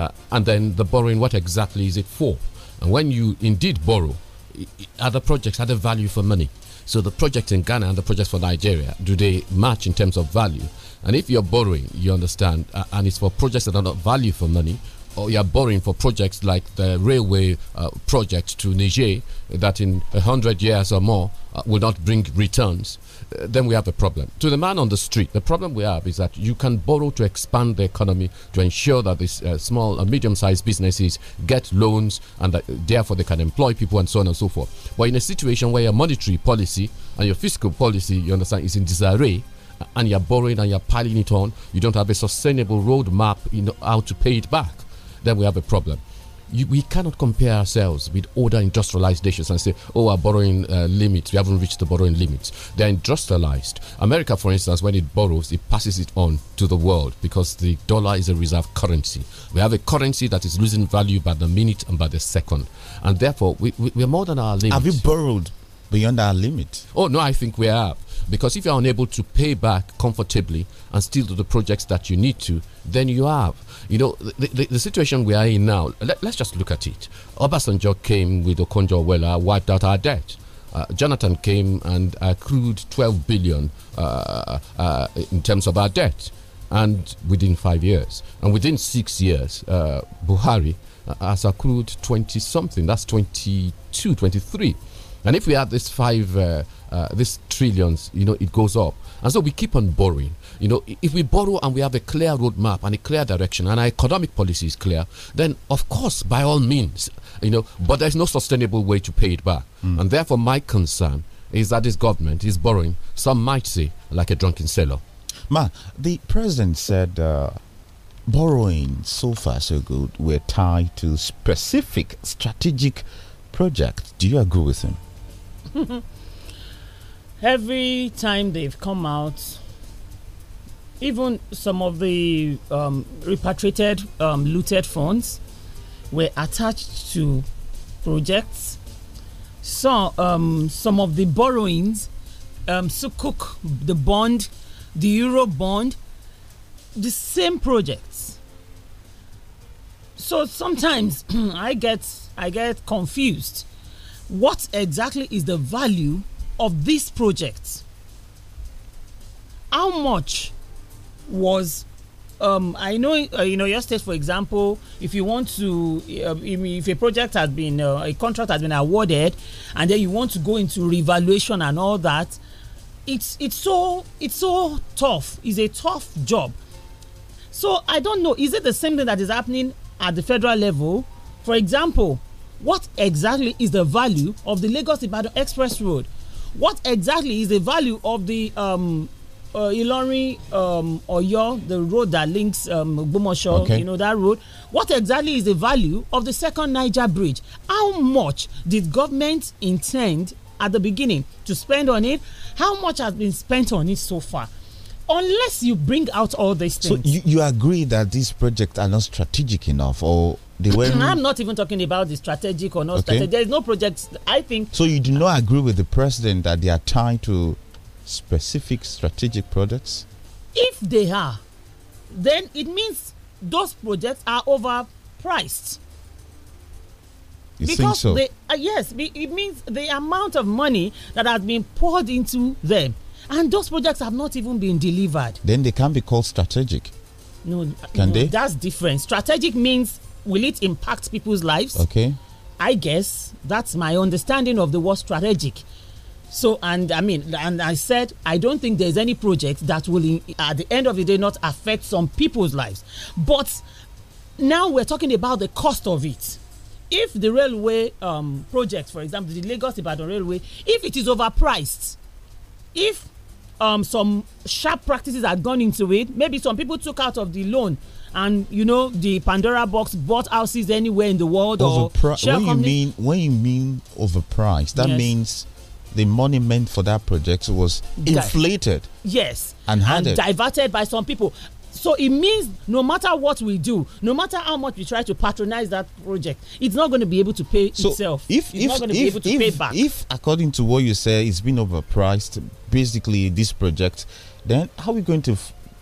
Uh, and then the borrowing, what exactly is it for? And when you indeed borrow, other projects a value for money? So the projects in Ghana and the projects for Nigeria, do they match in terms of value? And if you're borrowing, you understand, uh, and it's for projects that are not value for money, or you're borrowing for projects like the railway uh, project to Niger that in 100 years or more uh, will not bring returns then we have a problem. To the man on the street, the problem we have is that you can borrow to expand the economy to ensure that these uh, small and medium sized businesses get loans and that, uh, therefore they can employ people and so on and so forth. But in a situation where your monetary policy and your fiscal policy, you understand, is in disarray, and you're borrowing and you're piling it on, you don't have a sustainable roadmap in how to pay it back, then we have a problem. You, we cannot compare ourselves with other industrialized nations and say, oh, our borrowing uh, limits, we haven't reached the borrowing limits. They're industrialized. America, for instance, when it borrows, it passes it on to the world because the dollar is a reserve currency. We have a currency that is losing value by the minute and by the second. And therefore, we, we, we are more than our limits. Have you borrowed beyond our limit? Oh, no, I think we are. Because if you're unable to pay back comfortably and still do the projects that you need to, then you have. You know, the, the, the situation we are in now, let, us just look at it. Obasanjo came with Okonjo Wella, wiped out our debt. Uh, Jonathan came and accrued 12 billion uh, uh, uh, in terms of our debt, and within five years, and within six years, uh, Buhari uh, has accrued 20 something. That's 22, 23 and if we have this five, uh, uh, this trillions, you know, it goes up. And so we keep on borrowing. You know, if we borrow and we have a clear roadmap and a clear direction and our economic policy is clear, then of course, by all means, you know, but there's no sustainable way to pay it back. Mm. And therefore, my concern is that this government is borrowing, some might say, like a drunken sailor. Ma, the president said uh, borrowing so far so good. We're tied to specific strategic projects. Do you agree with him? Every time they've come out, even some of the um, repatriated um, looted funds were attached to projects. So, um, some of the borrowings, um, Sukuk, the bond, the euro bond, the same projects. So sometimes I get I get confused what exactly is the value of this project? How much was um, I know uh, you know your state, for example, if you want to, uh, if a project has been, uh, a contract has been awarded, and then you want to go into revaluation and all that, it's it's so it's so tough. It's a tough job. So I don't know. Is it the same thing that is happening at the federal level? For example, what exactly is the value of the Lagos Ibadan Express Road? What exactly is the value of the um, uh, Ilori um, Oyo, the road that links um, okay. you know, that road. What exactly is the value of the second Niger bridge? How much did government intend at the beginning to spend on it? How much has been spent on it so far? Unless you bring out all these things. So you, you agree that these projects are not strategic enough or they I'm not even talking about the strategic or not okay. strategic. There is no project. I think. So you do not agree with the president that they are tied to specific strategic products? If they are, then it means those projects are overpriced. You because so? They, uh, yes, it means the amount of money that has been poured into them, and those projects have not even been delivered. Then they can not be called strategic. No, can no, they? That's different. Strategic means will it impact people's lives? Okay. I guess that's my understanding of the word strategic. So, and I mean, and I said, I don't think there's any project that will, at the end of the day, not affect some people's lives. But now we're talking about the cost of it. If the railway um, project, for example, the Lagos Ibadan Railway, if it is overpriced, if um, some sharp practices are gone into it, maybe some people took out of the loan and you know the pandora box bought houses anywhere in the world Overpri or share when you mean when you mean overpriced that yes. means the money meant for that project was inflated yes and, and diverted by some people so it means no matter what we do no matter how much we try to patronize that project it's not going to be able to pay so itself if it's if, not going to be able to if, pay back if according to what you say it's been overpriced basically this project then how are we going to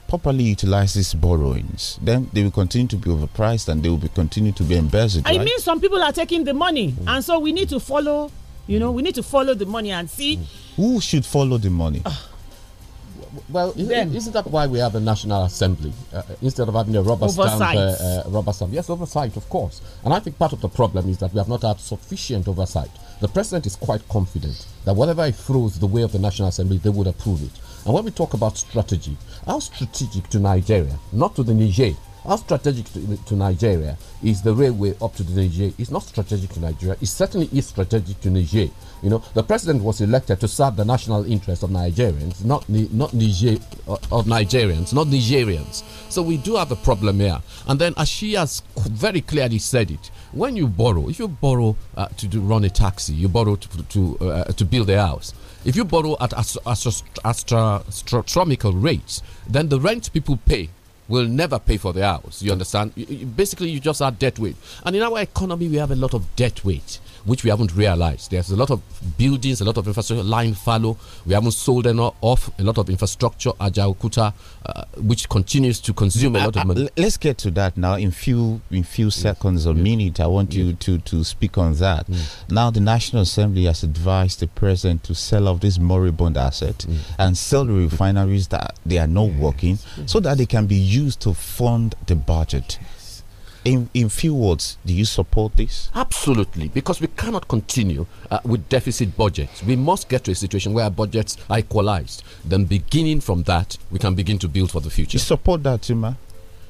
properly utilize these borrowings, then they will continue to be overpriced and they will be continue to be embezzled. I right? mean, some people are taking the money, mm. and so we need to follow. You know, we need to follow the money and see mm. who should follow the money. Uh, well, then, isn't that why we have a national assembly uh, instead of having a rubber oversight. stamp? Uh, uh, rubber stamp. Yes, oversight, of course. And I think part of the problem is that we have not had sufficient oversight. The president is quite confident that whatever he throws the way of the national assembly, they would approve it. And when we talk about strategy, how strategic to Nigeria, not to the Niger, how strategic to, to, Nigeria is the railway up to the Niger? It's not strategic to Nigeria. It certainly is strategic to Niger. You know, the president was elected to serve the national interest of Nigerians, not not Niger uh, of Nigerians, not Nigerians. So we do have a problem here. And then, as she has very clearly said it, when you borrow, if you borrow uh, to do, run a taxi, you borrow to to, uh, to build a house. If you borrow at astronomical rates, then the rent people pay will never pay for the house. You understand? Basically, you just are debt weight. And in our economy, we have a lot of debt weight which we haven't realized. There's a lot of buildings, a lot of infrastructure lying fallow. We haven't sold enough off a lot of infrastructure, Agile uh, which continues to consume a uh, lot of uh, money. Let's get to that now. In few in few seconds or yes. minute, I want yes. you to to speak on that. Yes. Mm. Now, the National Assembly has advised the president to sell off this moribund asset mm. and sell the refineries that they are not working, mm. so that they can be used to fund the budget in, in few words, do you support this? Absolutely, because we cannot continue uh, with deficit budgets. We must get to a situation where our budgets are equalized. Then, beginning from that, we can begin to build for the future. You support that, Tima?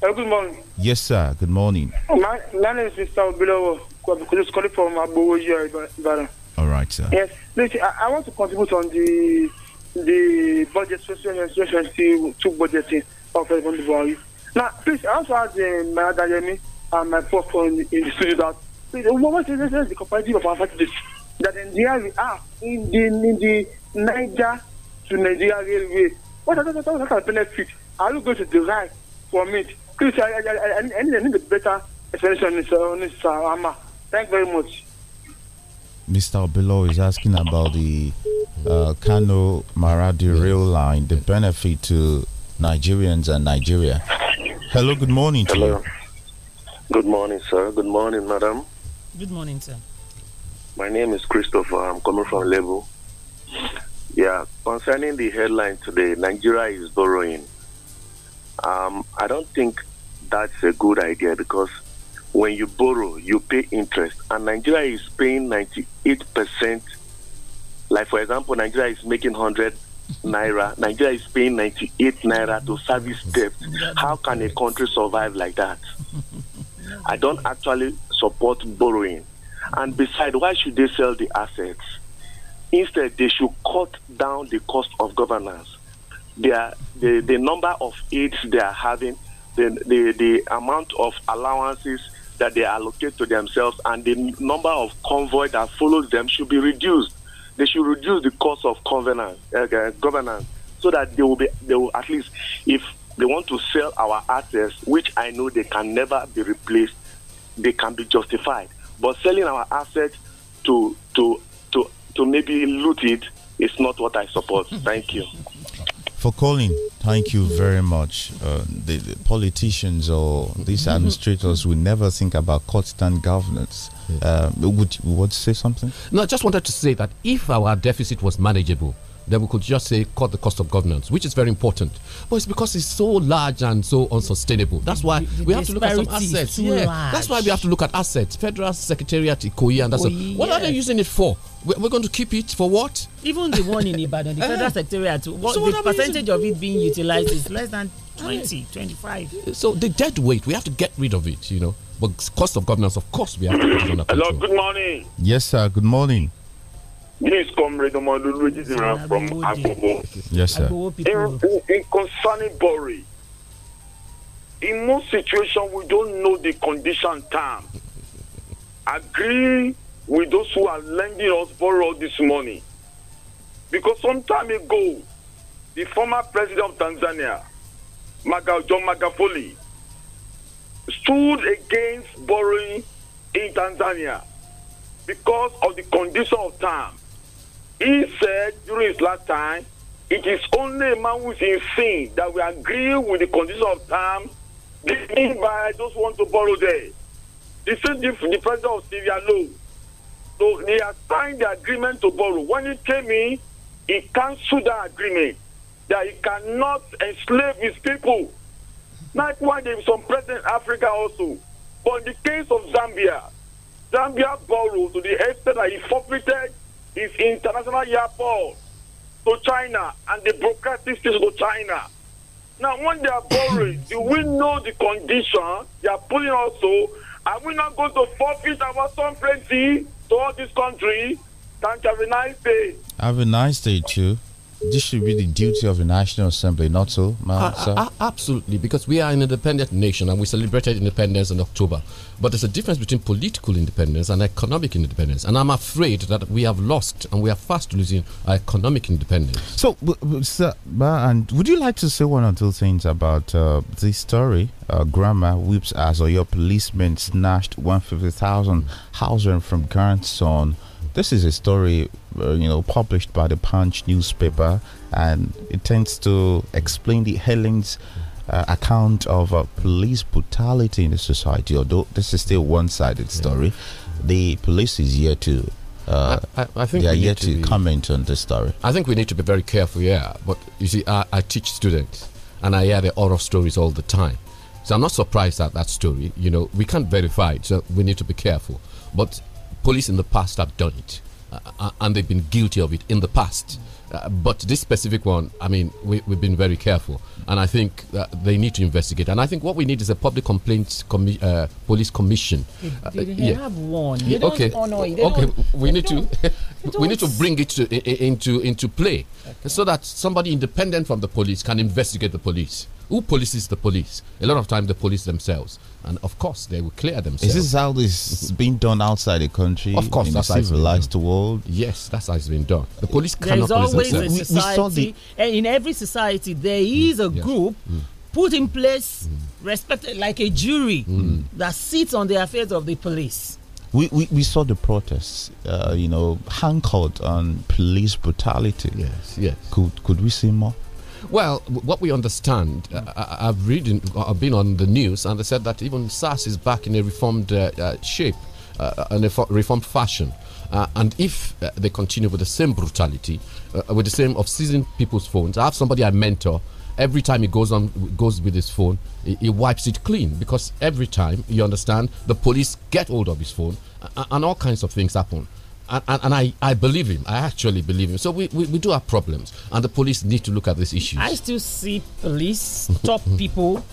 Hello, good morning. Yes, sir. Good morning. My, my name is Mr. Obilowo. Just calling from Abuja, Ibadan. All right, sir. Yes. Listen, I, I, want to contribute on the the budget, social and social to, budgeting of the value. Now, please, I also ask uh, my Adayemi and my pastor in, in the studio that please, what is the comparative of our factories? That in the area, in the, in the Niger to Nigeria railway, what are the benefits? Are you going to derive from it? I, I, I, I need a better explanation on this, uh, Thank you very much. Mr. Below is asking about the uh, Kano Maradi rail line, the benefit to Nigerians and Nigeria. Hello, good morning to Hello. you. Good morning, sir. Good morning, madam. Good morning, sir. My name is Christopher. I'm coming from Lébo. Yeah, concerning the headline today, Nigeria is borrowing. Um, I don't think that's a good idea because when you borrow, you pay interest, and Nigeria is paying 98%. Like, for example, Nigeria is making 100 naira, Nigeria is paying 98 naira to service debt. How can a country survive like that? I don't actually support borrowing. And besides, why should they sell the assets? Instead, they should cut down the cost of governance. are the, the number of aids they are having the, the, the amount of allowances that they allocate to themselves and the number of convoy that follows them should be reduced. They should reduce the cost of governance, uh, eh, governance so that they will be they will at least if they want to sell our assets, which I know they can never be replaced, they can be justified. But selling our assets to to to to maybe loot it is not what I support. Thank you for calling. Thank you very much. Uh, the, the, politicians or these mm-hmm. administrators will never think about constant governance. Would Uh, would you want to say something? No, I just wanted to say that if our deficit was manageable, then we could just say cut the cost of governance, which is very important. But it's because it's so large and so unsustainable. That's why the, the we have to look at some assets. Yeah, large. that's why we have to look at assets. Federal Secretariat Ikoyi and that's Ikoyi, what are they using it for? We're going to keep it for what? Even the one in Ibadan, the Federal eh? Secretariat, what, so the percentage of it being utilized is less than 20, 25. So the dead weight, we have to get rid of it, you know. But cost of governance, of course, we have to put it Hello, good morning. Yes, sir, good morning. This comrade Omadulu Jizira from Agobo. Yes, sir. In, in concerning Bori, in most situations, we don't know the condition time. Agree with those who are lending us borrow this money. Because some time ago, the former president of Tanzania, Maga, John Magafoli, stood against borrowing in Tanzania because of the condition of time. He said during his last time, it is only a man who is in sin that we agree with the condition of time given by those who want to borrow there. This is the, the president of Syria loan. So they has signed the agreement to borrow. When he came in, he cancelled that agreement that he cannot enslave his people. Likewise, there is some president in Africa also. But in the case of Zambia, Zambia borrowed to the extent that he forfeited is international airport to China and the broadcast this to China. Now, when they are borrowing, do we know the condition they are putting also? Are we not going to forfeit our sovereignty to all this country? Thank you. Have a nice day. Have a nice day, too this should be the duty of the National Assembly, not so, ma'am, uh, uh, uh, absolutely, because we are an independent nation and we celebrated independence in October. But there's a difference between political independence and economic independence. And I'm afraid that we have lost and we are fast losing our economic independence. So, sir, and would you like to say one or two things about uh, this story? Uh, grandma weeps as your policeman snatched 150,000 housing from grandson this is a story, uh, you know, published by the Punch newspaper, and it tends to explain the Helen's uh, account of uh, police brutality in the society. Although this is still one-sided story, yeah. the police is here to. Uh, I, I, think they are yet to, to comment on this story. I think we need to be very careful, yeah. But you see, I, I teach students, and I hear the horror stories all the time. So I'm not surprised at that story. You know, we can't verify it, so we need to be careful. But police in the past have done it, uh, uh, and they've been guilty of it in the past. Uh, but this specific one, I mean, we, have been very careful, and I think they need to investigate. And I think what we need is a public complaints commi uh, police commission. They, uh, they yeah. have one. They okay. okay. We need to we need to bring it to, into into play, okay. so that somebody independent from the police can investigate the police. Who polices the police? A lot of time, the police themselves and of course they will clear themselves. Is this how this is being done outside the country? Of course, in that's a civilized world. Yes, that's how it's been done. The police there cannot. There is always a society. Eh, in every society, there mm. is a yes. group mm. put in place, mm. respected like a jury mm. that sits on the affairs of the police. We, we, we saw the protests, uh, you know, anchored on police brutality. Yes, yes. Could could we see more? Well, what we understand, I, uh, have hmm. uh, uh, read, in, I've been on the news, and they said that even SARS is back in a reformed shape, in a reformed fashion. Uh, and if uh, they continue with the same brutality, uh, with the same of seizing people's phones, I have somebody I mentor. Every time he goes on, goes with his phone, he, he wipes it clean because every time you understand, the police get hold of his phone, and all kinds of things happen and, and, I, I believe him. I actually believe him. So we, we, we do have problems, and the police need to look at these issues. I still see police stop people,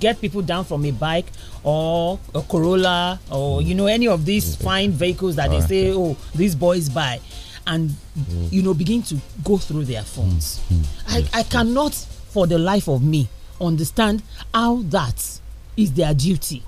get people down from a bike or a Corolla or mm. you know any of these okay. Mm. fine vehicles that All they say, right. oh, these boys buy, and mm. you know begin to go through their phones. Mm. mm. I, yes, I yes. cannot, for the life of me, understand how that is their duty.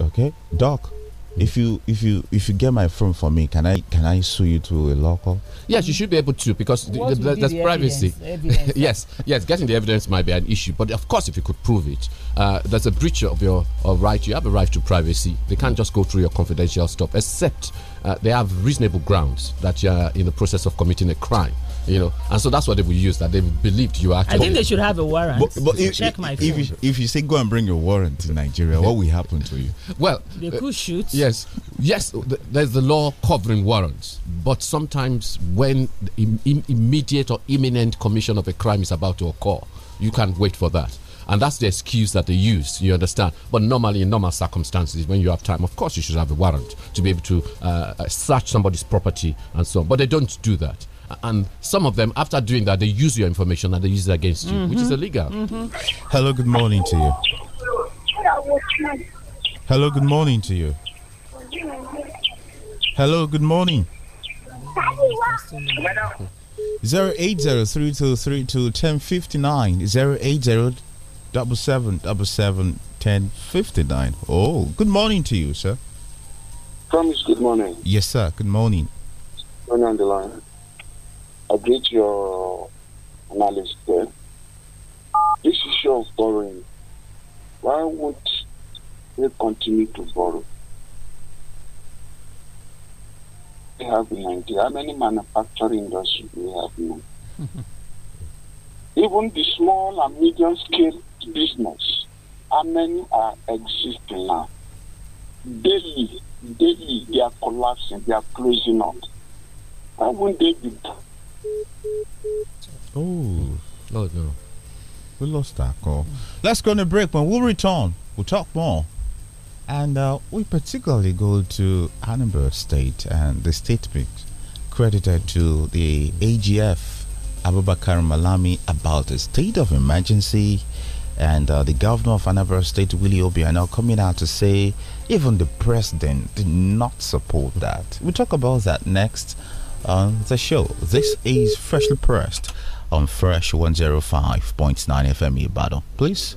Okay, Doc if you if you if you get my phone for me can i can i sue you to a local yes you should be able to because the, the, the, there's privacy evidence, evidence. yes yes getting the evidence might be an issue but of course if you could prove it uh, there's a breach of your of right you have a right to privacy they can't just go through your confidential stuff except uh, they have reasonable grounds that you're in the process of committing a crime you know, and so that's what they will use that they believed you actually. I think they should have a warrant. But, but if, check my if you, if you, say go and bring your warrant to Nigeria, what will happen to you? Well, they uh, could shoot. Yes, yes. There's the law covering warrants, but sometimes when immediate or imminent commission of a crime is about to occur, you can't wait for that and that's the excuse that they use. You understand? But normally, in normal circumstances, when you have time, of course, you should have a warrant to be able to uh, uh search somebody's property and so on. But they don't do that and some of them, after doing that, they use your information and they use it against you, mm -hmm. which is mm-hmm. illegal. Mm -hmm. Hello, good morning to you. Hello, good morning to you. Hello, good morning. Zero eight zero three two three two ten fifty nine zero eight zero double seven double seven ten fifty nine. Oh, good morning to you, sir. Promise. Good morning. Yes, sir. Good morning. Morning on the line agree to your analysis there. This issue of borrowing, why would we continue to borrow? We have ninety. how many manufacturing industries we have now? Even the small and medium scale business, how many are existing now? Daily, daily, they are collapsing, they are closing up. Why wouldn't they be Oh. Lord, no. We lost our call. Let's go on a break. but we will return, we'll talk more. And uh, we particularly go to Annenberg State and the statement credited to the AGF Abubakar Malami about the state of emergency. And uh, the governor of Annenberg State, Willie Obi, now coming out to say even the president did not support that. We'll talk about that next on the show. This is Freshly Pressed on Fresh 105.9 FM Ibadan. Please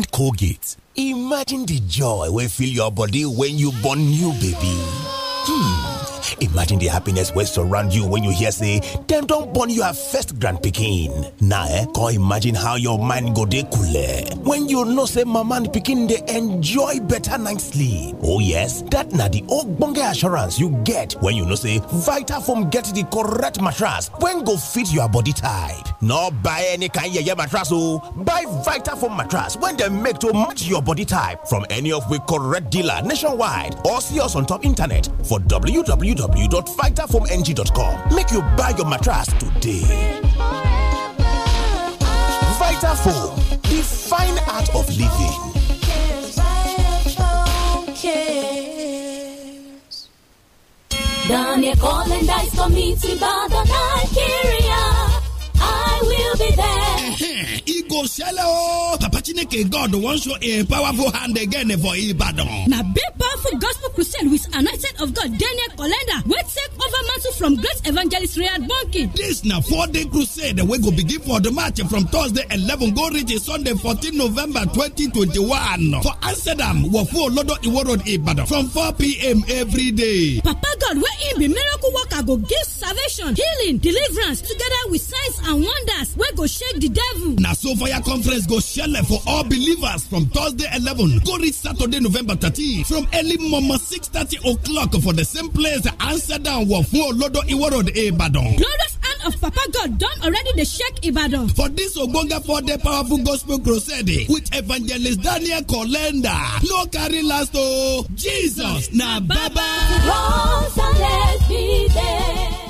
different colgate imagine the joy will fill your body when you born new baby hmm Imagine the happiness wey surround you when you hear say "Them don't born your first grand picking." Now, eh, Can imagine how your mind go dey coole when you know say mama and picking dey enjoy better night sleep. Oh yes, that na the old ogbonge assurance you get when you know say Vitafoam get the correct mattress when go fit your body type. Not buy any kind yeye mattress oh! buy Vitafoam mattress when they make to match your body type from any of we correct dealer nationwide or see us on top internet for www www.vitafoamng.com. Make you buy your mattress today. Vitafoam, the fine art of living. Daniel Cole and Dice for me to bother o ṣẹlẹ̀ o. Papa Chineke God wan show a powerful hand again for Ibadan. Na big powerful gospel crusade with anointing of God Daniel Kolenda wey take over mantle from great evangelist Riyad Bonke. Dis na four day crusade wey go begin for the march from Thursday eleven go reach Sunday fourteen November twenty twenty one for Amsterdam Wofo Olodo Iwo Road Ibadan from four pm every day. Papa God wey im be miracle worker go give salvation, healing, deliverance together with signs and wonders wey go shake the devil. Na so far prayer conference go shele for all believers from Thursday 11 go reach Saturday November 13 from early momo 6:30 o'clock for the same place answer down wọ fún Olodo Iwo Road Ibadan. Glorious hand of Papa God don already dey shake Ibadan. For this ogbonge four-day powerful gospel crusade with evangelist Daniel Kolenda no carry last o oh, Jesus na Baba. One Sunday be there.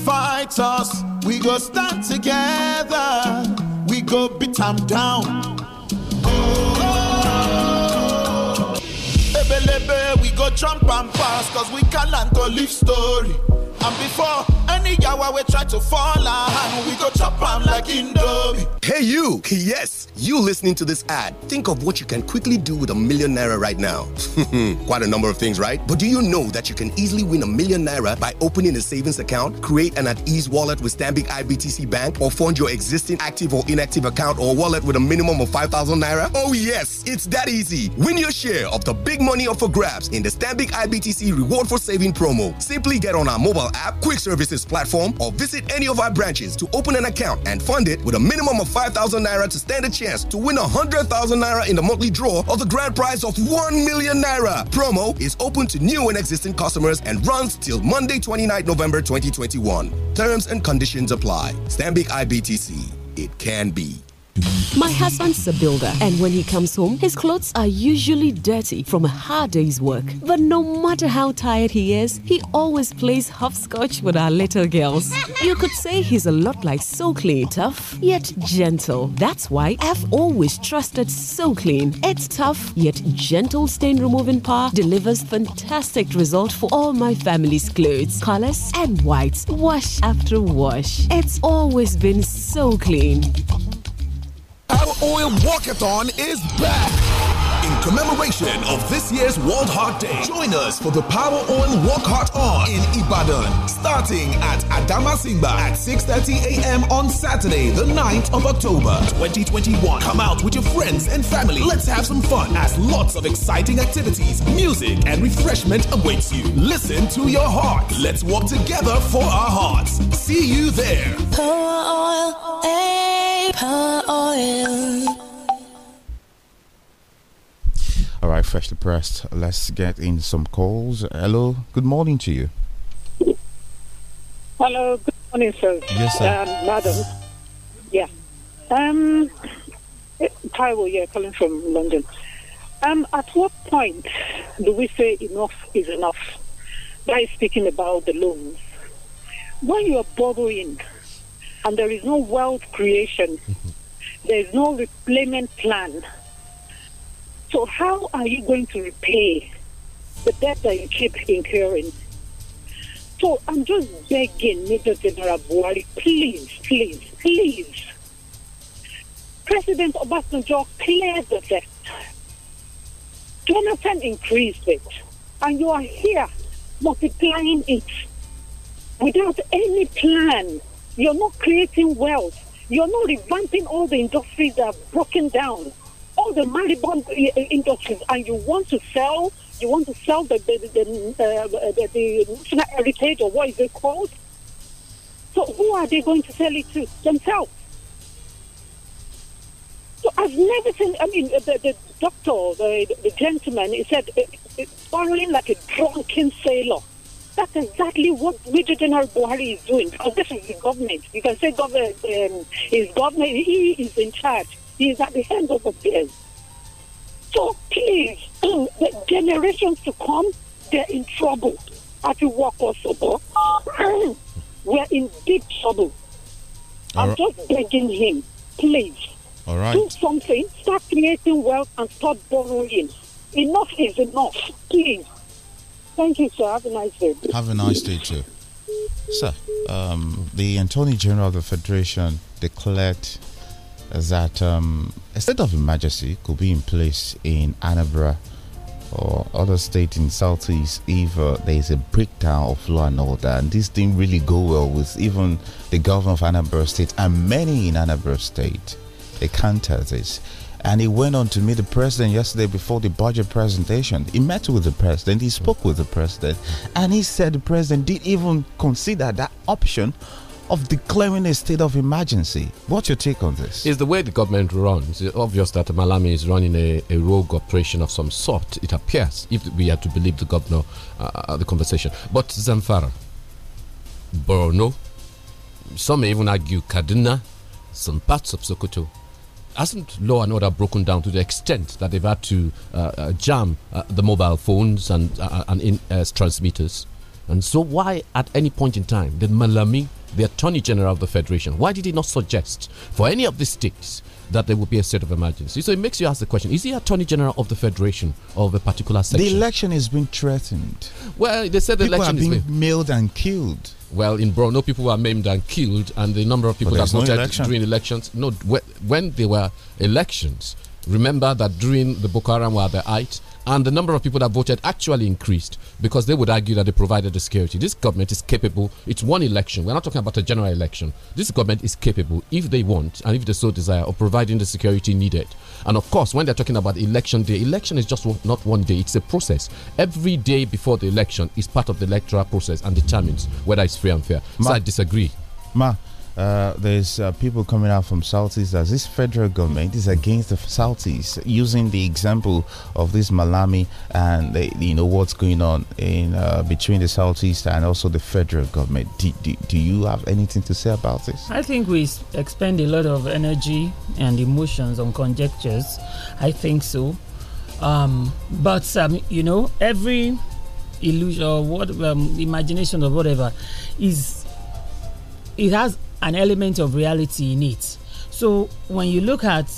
fight us, we go stand together, we go beat them down. Oh, oh, oh. Lebe, we go jump and pass, cause we can't land live story. And before any yawa we try to fall on, we go chop on like indomie. Hey you! Yes, you listening to this ad. Think of what you can quickly do with a million naira right now. Quite a number of things, right? But do you know that you can easily win a million naira by opening a savings account, create an at-ease wallet with Stambik IBTC Bank, or fund your existing active or inactive account or wallet with a minimum of 5,000 naira? Oh yes, it's that easy. Win your share of the big money up for grabs in the Stambik IBTC Reward for Saving promo. Simply get on our mobile mobile app, quick services platform, or visit any of our branches to open an account and fund it with a minimum of 5,000 naira to stand a chance to win 100,000 naira in the monthly draw of the grand prize of 1 million naira. Promo is open to new and existing customers and runs till Monday, 29 November 2021. Terms and conditions apply. Stanbic IBTC. It can be. My husband's a builder, and when he comes home, his clothes are usually dirty from a hard day's work. But no matter how tired he is, he always plays hopscotch with our little girls. You could say he's a lot like So Clean, tough yet gentle. That's why I've always trusted So Clean. It's tough yet gentle stain removing power delivers fantastic results for all my family's clothes, colors, and whites. Wash after wash. It's always been so clean. Oil Walkathon is back. In commemoration of this year's World Heart Day, join us for the Power Oil Walk Heart On in Ibadan, starting at Adamasimba at 6:30 a.m. on Saturday, the 9th of October, 2021. Come out with your friends and family. Let's have some fun as lots of exciting activities, music, and refreshment awaits you. Listen to your heart. Let's walk together for our hearts. See you there. Power Oil. All right, freshly pressed. Let's get in some calls. Hello, good morning to you. Hello, good morning, sir. Yes, sir. Um, madam. Yeah. Um, Taiwo, yeah, calling from London. Um, at what point do we say enough is enough? By speaking about the loans. When you are borrowing and there is no wealth creation. Mm-hmm. there is no repayment plan. So how are you going to repay the debt that you keep incurring? So I'm just begging Mr. General Buhari, please, please, please. President Obasanjo cleared the debt. Jonathan increased it. And you are here multiplying it without any plan you're not creating wealth. You're not revamping all the industries that are broken down, all the moribund eh, eh, industries, and you want to sell. You want to sell the the, the, uh, the, the heritage or what is it called? So who are they going to sell it to themselves? So I've never seen. I mean, the, the doctor, the, the gentleman, he said, eh, it's it, like a drunken sailor. That's exactly what Major General Buhari is doing. Of oh, course, the government. You can say government um, is government. He is in charge. He is at the head of affairs. So please, the generations to come, they're in trouble. At work also, we're in deep trouble. I'm right. just begging him, please. All right. Do something. Start creating wealth and stop borrowing. Enough is enough. Please. Thank you, sir. Have a nice day. Have a nice day, too. Sir, um, the Attorney General of the Federation declared that um, a state of emergency could be in place in Anambra or other state in southeast if uh, there is a breakdown of law and order and this didn't really go well with even the governor of Anambra state and many in Anambra state they counter this and he went on to meet the president yesterday before the budget presentation. He met with the president, he spoke with the president, and he said the president did even consider that option of declaring a state of emergency. What's your take on this? Is the way the government runs. It's obvious that Malami is running a, a rogue operation of some sort, it appears, if we are to believe the governor uh, uh the conversation. But Zamfara, Borno, some may even argue Kaduna, some parts of Sokoto, hasn't law and order broken down to the extent that they've had to uh, uh jam uh, the mobile phones and uh, and in, transmitters? And so, why at any point in time did Malami, the Attorney General of the Federation, why did he not suggest for any of these states that there would be a state of emergency? So it makes you ask the question: Is he Attorney General of the Federation of a particular section? The election is being threatened. Well, they said the People election are being is being mailed and killed well, in Borno, people were maimed and killed, and the number of people that voted no election. during elections. No, when there were elections, remember that during the Boko Haram were the height, and the number of people that voted actually increased because they would argue that they provided the security. This government is capable. It's one election. We're not talking about a general election. This government is capable, if they want and if they so desire, of providing the security needed. And of course, when they're talking about election day, election is just not one day. It's a process. Every day before the election is part of the electoral process and determines whether it's free and fair. Ma, so I disagree. Ma, uh, there's uh, people coming out from Southeast that this federal government is against the Southeast, using the example of this Malami and the, you know what's going on in uh, between the Southeast and also the federal government. Do, do, do, you have anything to say about this? I think we expend a lot of energy and emotions on conjectures. I think so, um, but um, you know every illusion or what um, imagination or whatever is it has an element of reality in it. So when you look at,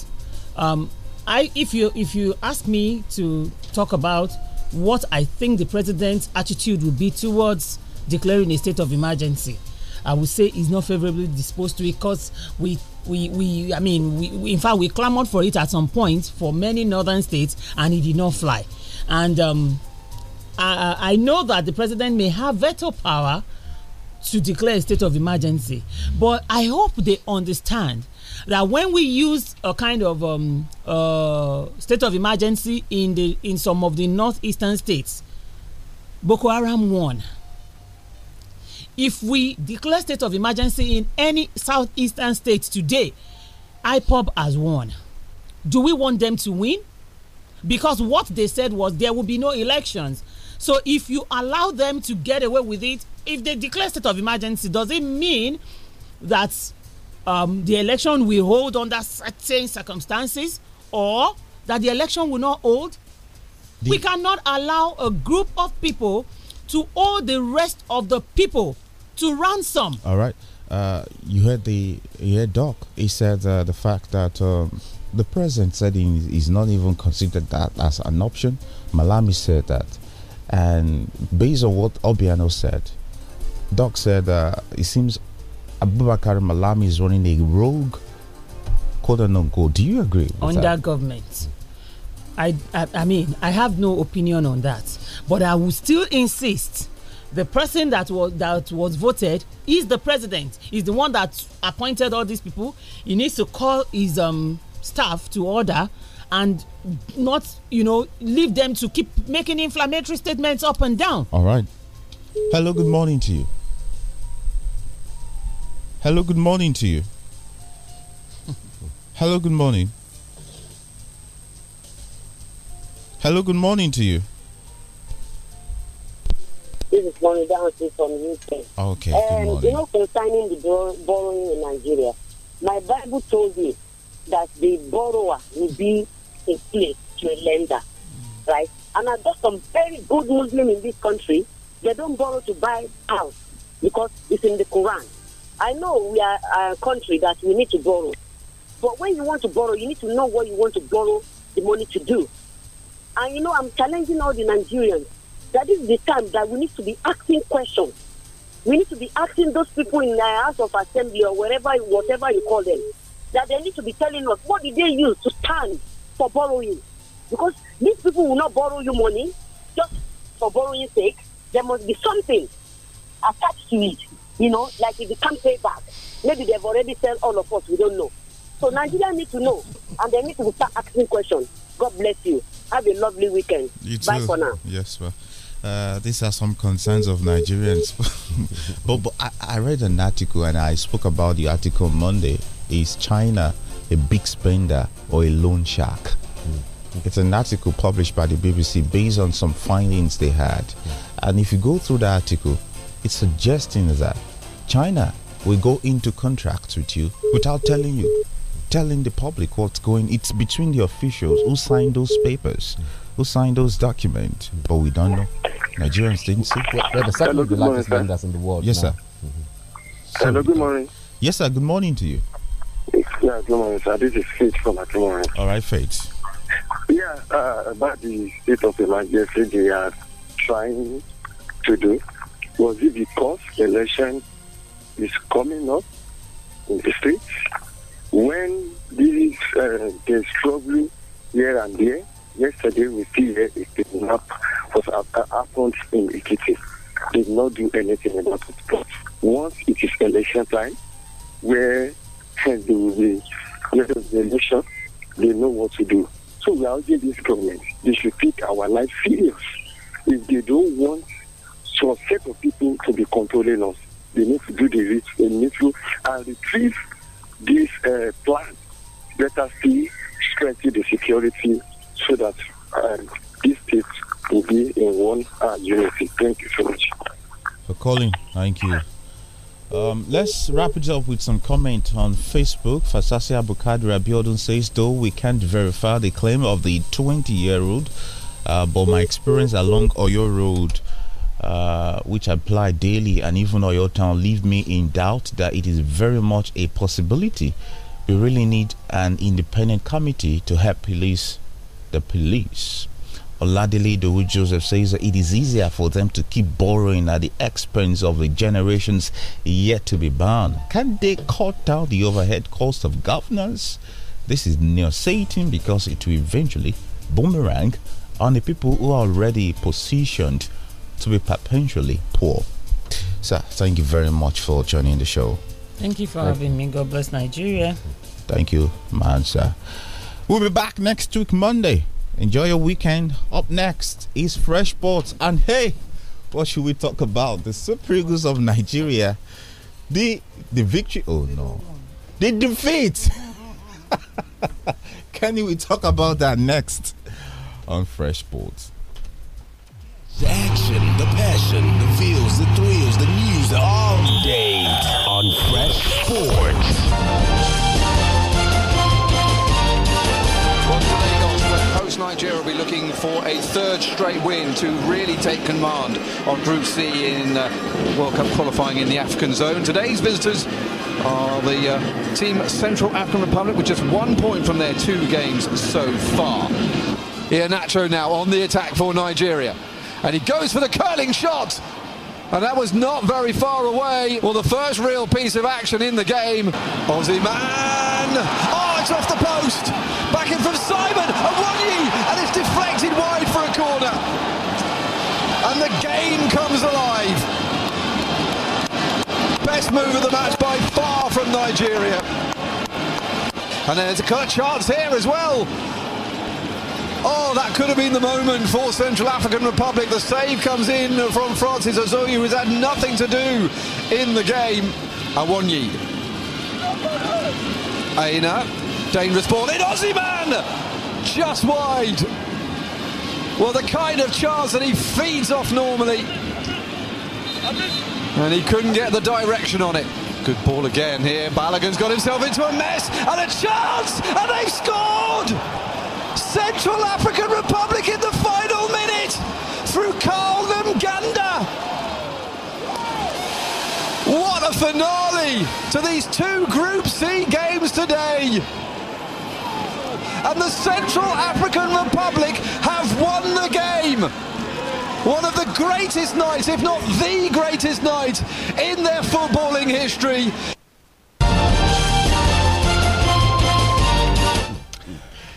um, I if you if you ask me to talk about what I think the president's attitude would be towards declaring a state of emergency, I would say is not favorably disposed to it because we we we I mean we, we, in fact we clamored for it at some point for many northern states and it did not fly, and. Um, I, I know that the president may have veto power to declare a state of emergency. But I hope they understand that when we use a kind of um, uh, state of emergency in the in some of the northeastern states, Boko Haram won. If we declare state of emergency in any southeastern state today, IPOB has won. Do we want them to win? Because what they said was there will be no elections. So if you allow them to get away with it, if they declare state of emergency, does it mean that um, the election will hold under certain circumstances or that the election will not hold? The we cannot allow a group of people to hold the rest of the people to ransom. All right. Uh, you heard the you heard Doc. He said uh, the fact that um, the president said he is not even considered that as an option. Malami said that, and based on what Obiano said, Doc said uh, it seems Abubakar Malami is running a rogue quote unquote. Do you agree? With Under that? government. I, I, I mean, I have no opinion on that, but I will still insist the person that was that was voted is the president is the one that appointed all these people he needs to call his um, staff to order and not you know leave them to keep making inflammatory statements up and down all right hello good morning to you Hello, good morning to you. Hello, good morning. Hello, good morning to you. This is Lonnie Dancy from UK. Okay, good morning. You know, concerning the borrowing in Nigeria, my Bible told me that the borrower will be a slave to a lender, right? And I've got some very good Muslims in this country. They don't borrow to buy house because it's in the Quran. I know we are a country that we need to borrow, but when you want to borrow, you need to know what you want to borrow the money to do. And you know, I'm challenging all the Nigerians that is the time that we need to be asking questions. We need to be asking those people in the House of Assembly or wherever, whatever you call them, that they need to be telling us what did they use to stand for borrowing. Because these people will not borrow you money just for borrowing sake. There must be something attached to it. You know, like if can't pay back, Maybe they've already sent all of us, we don't know. So Nigeria need to know, and they need to start asking questions. God bless you. Have a lovely weekend. You Bye for now. Yes, well. Uh, these are some concerns of Nigerians. but, but I, I, read an article and I spoke about the article Monday. Is China a big spender or a loan shark? Mm. It's an article published by the BBC based on some findings they had. Mm. And if you go through the article, it's suggesting that China will go into contracts with you without telling you, telling the public what's going. It's between the officials who signed those papers, who signed those documents, but we don't know. Nigerians didn't see. We're, the second Hello, good largest morning, lenders in the world. Yes, now. sir. Mm -hmm. so, Hello, good morning. Yes, sir. Good morning to you. Yeah, good morning, sir. This is Faith from Akimori. All right, Faith. Yeah, uh, about the state of emergency they are trying to do was it because election is coming up in the streets. When this uh, the struggle here and there, yesterday we see here a picking up what happened in Ikiti. Did not do anything about it. But once it is election time, where they will be the election, they know what to do. So we are giving this government, they should take our life serious. If they don't want some set of people to be controlling us, they need to do the reach and need to and retrieve this uh, plan. better see strengthen the security so that um, these will be in one uh, unity. Thank you so much for calling. Thank you. Um, let's wrap it up with some comment on Facebook. Fasasi Abukadri Abiodun says, though we can't verify the claim of the 20 year old, uh, but my experience along Oyo Road uh, which apply daily and even Oil Town leave me in doubt that it is very much a possibility. We really need an independent committee to help police the police. Oladele Dewu Joseph says that it is easier for them to keep borrowing at the expense of the generations yet to be born. Can they cut down the overhead cost of governance? This is near Satan because it will eventually boomerang on the people who are already positioned to be perpetually poor. Sir, thank you very much for joining the show. Thank you for having me. God bless Nigeria. Thank you, man, sir. We'll be back next week, Monday. Enjoy your weekend. Up next is Fresh Sports. And hey, what should we talk about? The Super Eagles of Nigeria. The the victory. Oh no. The defeat. Kenny, we talk about that next on Fresh Sports. The action, the passion, the feels, the thrills, the news, the all day on Fresh Sports. Coast Nigeria will be looking for a third straight win to really take command on Group C in uh, World Cup qualifying in the African zone. Today's visitors are the uh, team Central African Republic with just one point from their two games so far. Ian Ianacho now on the attack for Nigeria and he goes for the curling shot. And that was not very far away. Well, the first real piece of action in the game. Aussie man. Oh, it's off the post. Back in from Simon. Awanyi. And it's deflected wide for a corner. And the game comes alive. Best move of the match by far from Nigeria. And there's a cut chance here as well. Oh, that could have been the moment for Central African Republic. The save comes in from Francis who has had nothing to do in the game. Awonyi. Aina. Dangerous ball in. Ozyman! Just wide. Well, the kind of chance that he feeds off normally. And he couldn't get the direction on it. Good ball again here. Balogun's got himself into a mess and a chance, and they've scored! Central African Republic in the final minute through Carl Ganda. What a finale to these two Group C games today. And the Central African Republic have won the game. One of the greatest nights, if not the greatest night, in their footballing history.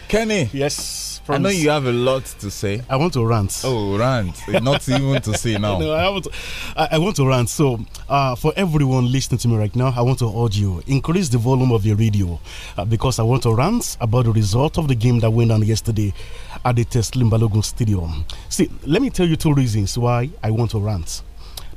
Kenny. Yes. Promise. I know you have a lot to say. I want to rant. Oh, rant. Not even to say now. No, I want to, I, I want to rant. So, uh, for everyone listening to me right now, I want to urge you increase the volume of your radio uh, because I want to rant about the result of the game that went on yesterday at the Test Balogun Stadium. See, let me tell you two reasons why I want to rant.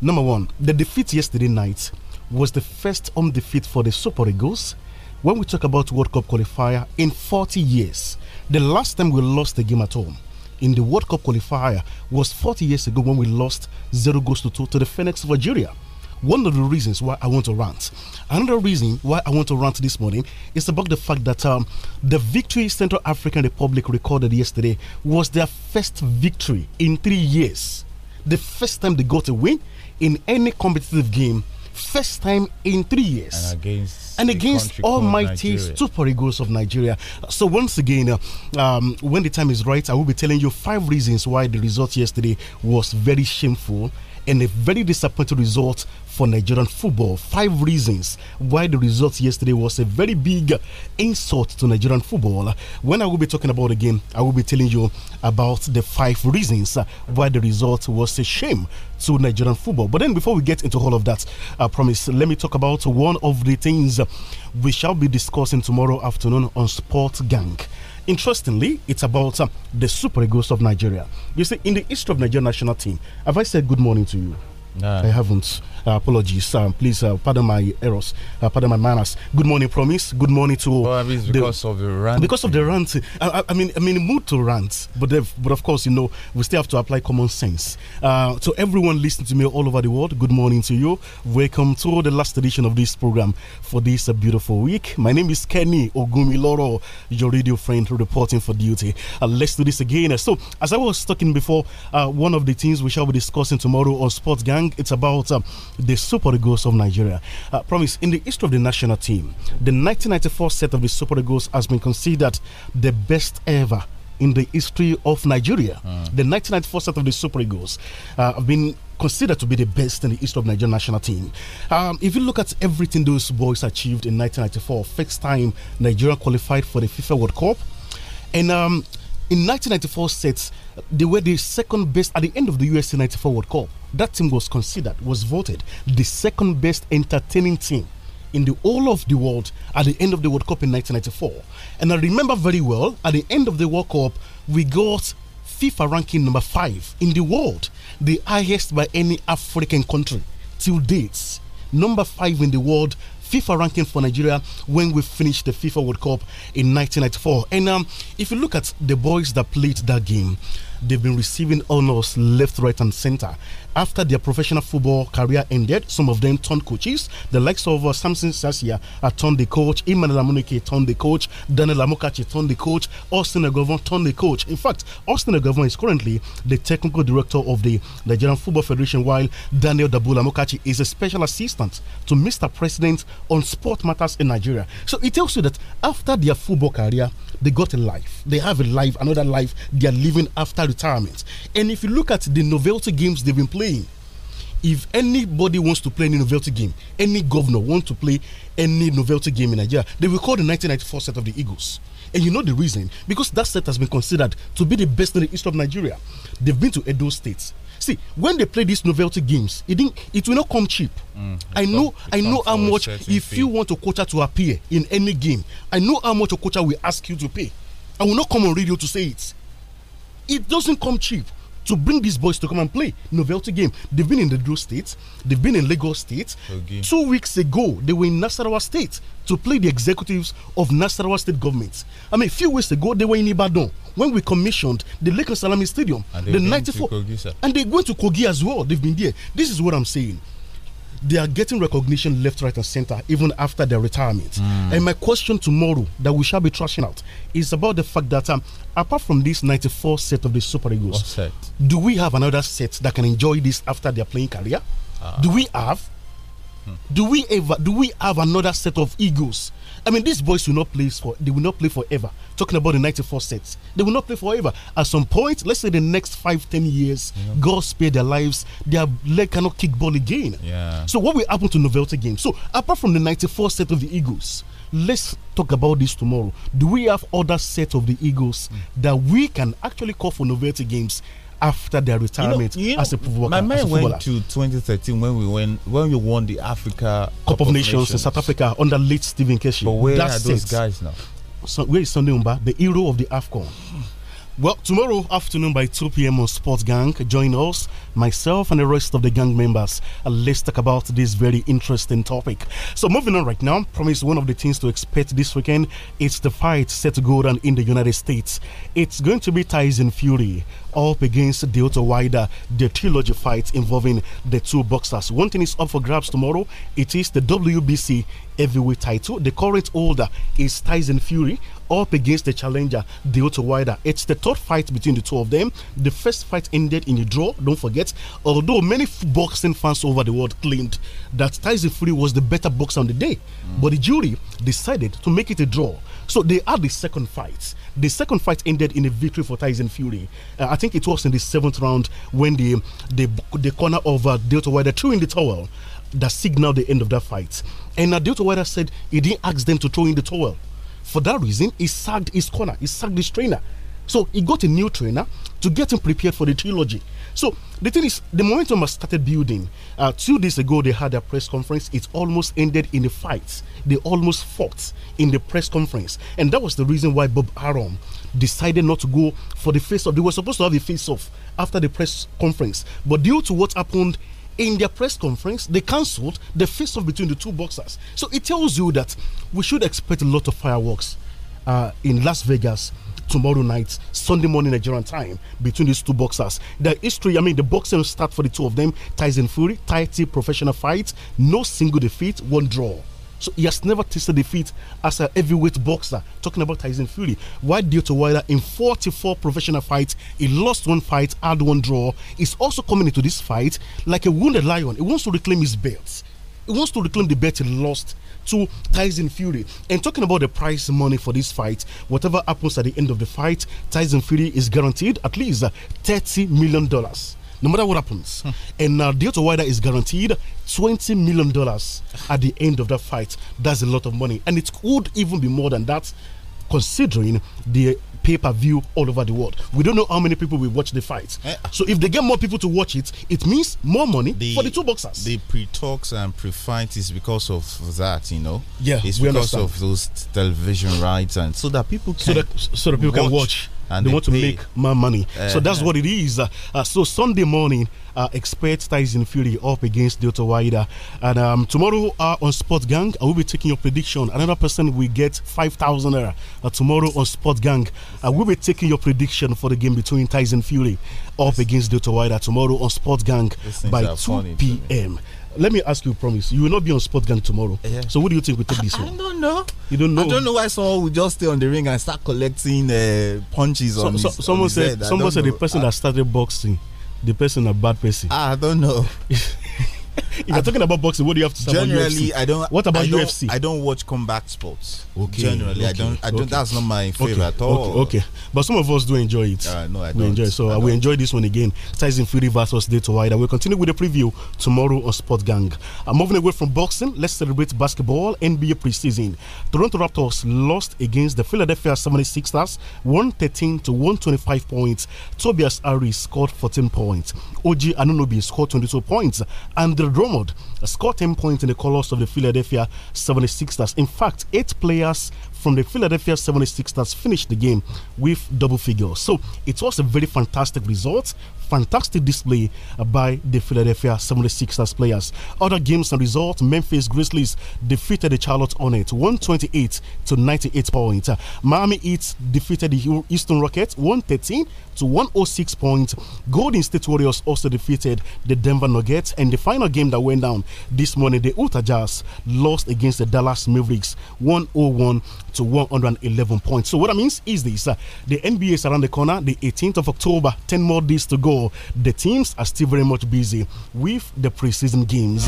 Number one, the defeat yesterday night was the first home defeat for the Super Eagles when we talk about World Cup qualifier in 40 years, the last time we lost the game at home in the World Cup qualifier was 40 years ago when we lost 0 goals to 2 to the Phoenix of Algeria. One of the reasons why I want to rant. Another reason why I want to rant this morning is about the fact that um, the victory Central African Republic recorded yesterday was their first victory in three years. The first time they got a win in any competitive game first time in three years. And against, and against almighty Super Eagles of Nigeria. So once again, uh, um, when the time is right, I will be telling you five reasons why the result yesterday was very shameful and a very disappointing result for Nigerian football. Five reasons why the result yesterday was a very big insult to Nigerian football. When I will be talking about the game, I will be telling you about the five reasons why the result was a shame to Nigerian football. But then, before we get into all of that, I promise, let me talk about one of the things we shall be discussing tomorrow afternoon on Sport Gang. Interestingly, it's about um, the Super egos of Nigeria. You see, in the history of Nigeria national team, have I said good morning to you? No. I haven't. Uh, apologies. Um, please uh, pardon my errors. Uh, pardon my manners. Good morning, promise. Good morning to. Well, I mean, because the, of the rant. Because of the rant. I, I mean, I mean, mood to rant, but but of course, you know, we still have to apply common sense. to everyone listening to me all over the world, good morning to you. Welcome to the last edition of this program for this beautiful week. My name is Kenny Ogumiloro, your radio friend reporting for duty. Uh, let's do this again. So, as I was talking before, uh, one of the things we shall be discussing tomorrow on Sports Gang, it's about uh, the Super Eagles of Nigeria. Uh, promise, in the history of the national team, the 1994 set of the Super Eagles has been considered the best ever in the history of Nigeria. Mm. The 1994 set of the Super Eagles uh, have been considered to be the best in the history of Nigerian national team. Um, if you look at everything those boys achieved in 1994, first time Nigeria qualified for the FIFA World Cup. And um, in 1994 sets, they were the second best at the end of the USC 94 World Cup. That team was considered, was voted the second best entertaining team in the whole of the world at the end of the World Cup in 1994. And I remember very well, at the end of the World Cup, we got FIFA ranking number five in the world, the highest by any African country till date. Number five in the world FIFA ranking for Nigeria when we finished the FIFA World Cup in 1994. And um, if you look at the boys that played that game, they've been receiving honors left, right, and center after their professional football career ended. Some of them turned coaches. The likes of uh, Samson Sasia uh, turned the coach, Emmanuel Amunike turned the coach, Daniel Amokachi turned the coach, Austin Agovon turned the coach. In fact, Austin Agovon is currently the technical director of the Nigerian Football Federation, while Daniel Dabula Amokachi is a special assistant to Mr. President on sport matters in Nigeria. So it tells you that after their football career, they got a life. They have a life, another life they are living after retirement. And if you look at the novelty games they've been playing, playing. If anybody wants to play any novelty game, any governor wants to play any novelty game in Nigeria, they will call the 1994 set of the Eagles. And you know the reason? Because that set has been considered to be the best in the east of Nigeria. They've been to Edo State. See, when they play these novelty games, it didn't, it will not come cheap. Mm, I know, I know how much. If fee. you want a quota to appear in any game, I know how much a quota will ask you to pay. I will not come on radio to say it. It doesn't come cheap to bring these boys to come and play novelty game. They've been in the Drew State, they've been in Lagos State. Okay. Two weeks ago, they were in Nasarawa State to play the executives of Nasarawa State government. I mean, a few weeks ago, they were in Ibadan when we commissioned the Lake Salami Stadium, and the 94, and they went to Kogi as well. They've been there. This is what I'm saying they are getting recognition left, right, and center even after their retirement. Mm. And my question tomorrow that we shall be trashing out is about the fact that um, apart from this 94 set of the Super Eagles, do we have another set that can enjoy this after their playing career? Uh. Do we have? Hmm. Do we ever? Do we have another set of egos? I mean, these boys will not play for they will not play forever. Talking about the 94 sets, they will not play forever. At some point, let's say the next five, ten years, yeah. God spare their lives, their leg cannot kick ball again. Yeah. So what will happen to novelty games? So apart from the 94 set of the Eagles, let's talk about this tomorrow. Do we have other sets of the Eagles mm. that we can actually call for novelty games? after their retirement you know, you know, as a footballer. My mind went to 2013 when we went when we won the Africa Cup, Cup of, Nations, Nations, in South Africa under late Stephen Keshi. But where That's are those it. guys now? So where is Sunday Umba, the hero of the Afcon? Hmm. Well, tomorrow afternoon by 2 p.m. on Sports Gang, join us, myself, and the rest of the gang members. And let's talk about this very interesting topic. So, moving on right now, promise one of the things to expect this weekend is the fight set to go down in the United States. It's going to be Tyson Fury up against Deoto Wider, the trilogy fight involving the two boxers. One thing is up for grabs tomorrow. It is the WBC heavyweight title. The current holder is Tyson Fury up against the challenger Deontay Wilder. It's the third fight between the two of them. The first fight ended in a draw. Don't forget, although many boxing fans over the world claimed that Tyson Fury was the better boxer on the day, mm. but the jury decided to make it a draw. So they had the second fight. The second fight ended in a victory for Tyson Fury. Uh, I think it was in the seventh round when the the, the corner of uh, Deontay Wilder threw in the towel that signaled the end of that fight. And Nadio Tawada said he didn't ask them to throw in the towel. For that reason, he sacked his corner, he sacked his trainer. So he got a new trainer to get him prepared for the trilogy. So the thing is, the momentum has started building. Uh, two days ago, they had a press conference. It almost ended in a fight. They almost fought in the press conference. And that was the reason why Bob Arum decided not to go for the face off. They were supposed to have a face off after the press conference. But due to what happened in their press conference, they cancelled the face off between the two boxers. So it tells you that we should expect a lot of fireworks uh, in Las Vegas tomorrow night, Sunday morning Nigerian time, between these two boxers. The history, I mean, the boxing start for the two of them Tyson Fury, tighty professional fight, no single defeat, one draw. So he has never tasted defeat as a heavyweight boxer. Talking about Tyson Fury, why Deontay Wilder in 44 professional fights, he lost one fight, had one draw. He's also coming into this fight like a wounded lion. He wants to reclaim his belt. He wants to reclaim the belt he lost to Tyson Fury. And talking about the prize money for this fight, whatever happens at the end of the fight, Tyson Fury is guaranteed at least $30 million no matter what happens. Hmm. And now uh, Deoto Wider is guaranteed twenty million dollars at the end of that fight. That's a lot of money, and it could even be more than that, considering the pay-per-view all over the world. We don't know how many people will watch the fight. Uh, so if they get more people to watch it, it means more money the, for the two boxers. The pre-talks and pre-fight is because of that, you know. Yeah, it's because understand. of those television rights and so that people can so that, so that people watch. can watch and they, they want to make more money. Uh, so uh-huh. that's what it is. Uh, uh, so Sunday morning, uh, expect Tyson Fury up against Delta Wider. And um, tomorrow on Sport Gang, I will be taking your prediction. Another person will get 5,000 tomorrow on Sport Gang. I will be taking your prediction for the game between Tyson Fury up against Delta Wider tomorrow on Sport Gang by 2 p.m. Let me ask you, promise. You will not be on Sport Gang tomorrow. Yeah. So, what do you think we take I, this one? I don't know. You don't know. I don't know why someone will just stay on the ring and start collecting uh, punches so, on, so, his, someone on said, Someone said know. the person I, ah. that started boxing, the person a bad person. Ah, I don't know. if you're talking about boxing, what do you have to say generally, I don't. What about I don't, UFC? I don't watch combat sports. Okay. Generally, okay. I don't. I don't. Okay. That's not my favorite okay. at all. Okay. But some of us do enjoy it. Uh, no, I we don't. enjoy. It. So we enjoy this one again. Tyson Fury versus Data White. we'll continue with the preview tomorrow on Sport Gang. I'm moving away from boxing, let's celebrate basketball. NBA preseason. Toronto Raptors lost against the Philadelphia 76ers, 113 to 125 points. Tobias Harris scored 14 points. OG Anunobi scored 22 points. And Ronald scored 10 points in the colors of the Philadelphia 76ers. In fact, eight players from the Philadelphia 76ers finished the game with double figures. So it was a very fantastic result, fantastic display by the Philadelphia 76ers players. Other games and results Memphis Grizzlies defeated the Charlotte Hornets 128 to 98 points. Miami Heat defeated the Houston Rockets 113 to 106 points. Golden State Warriors also defeated the Denver Nuggets. And the final game that went down this morning, the Utah Jazz lost against the Dallas Mavericks 101 to 111 points. So what that means is this: uh, the NBA is around the corner. The 18th of October, 10 more days to go. The teams are still very much busy with the preseason games.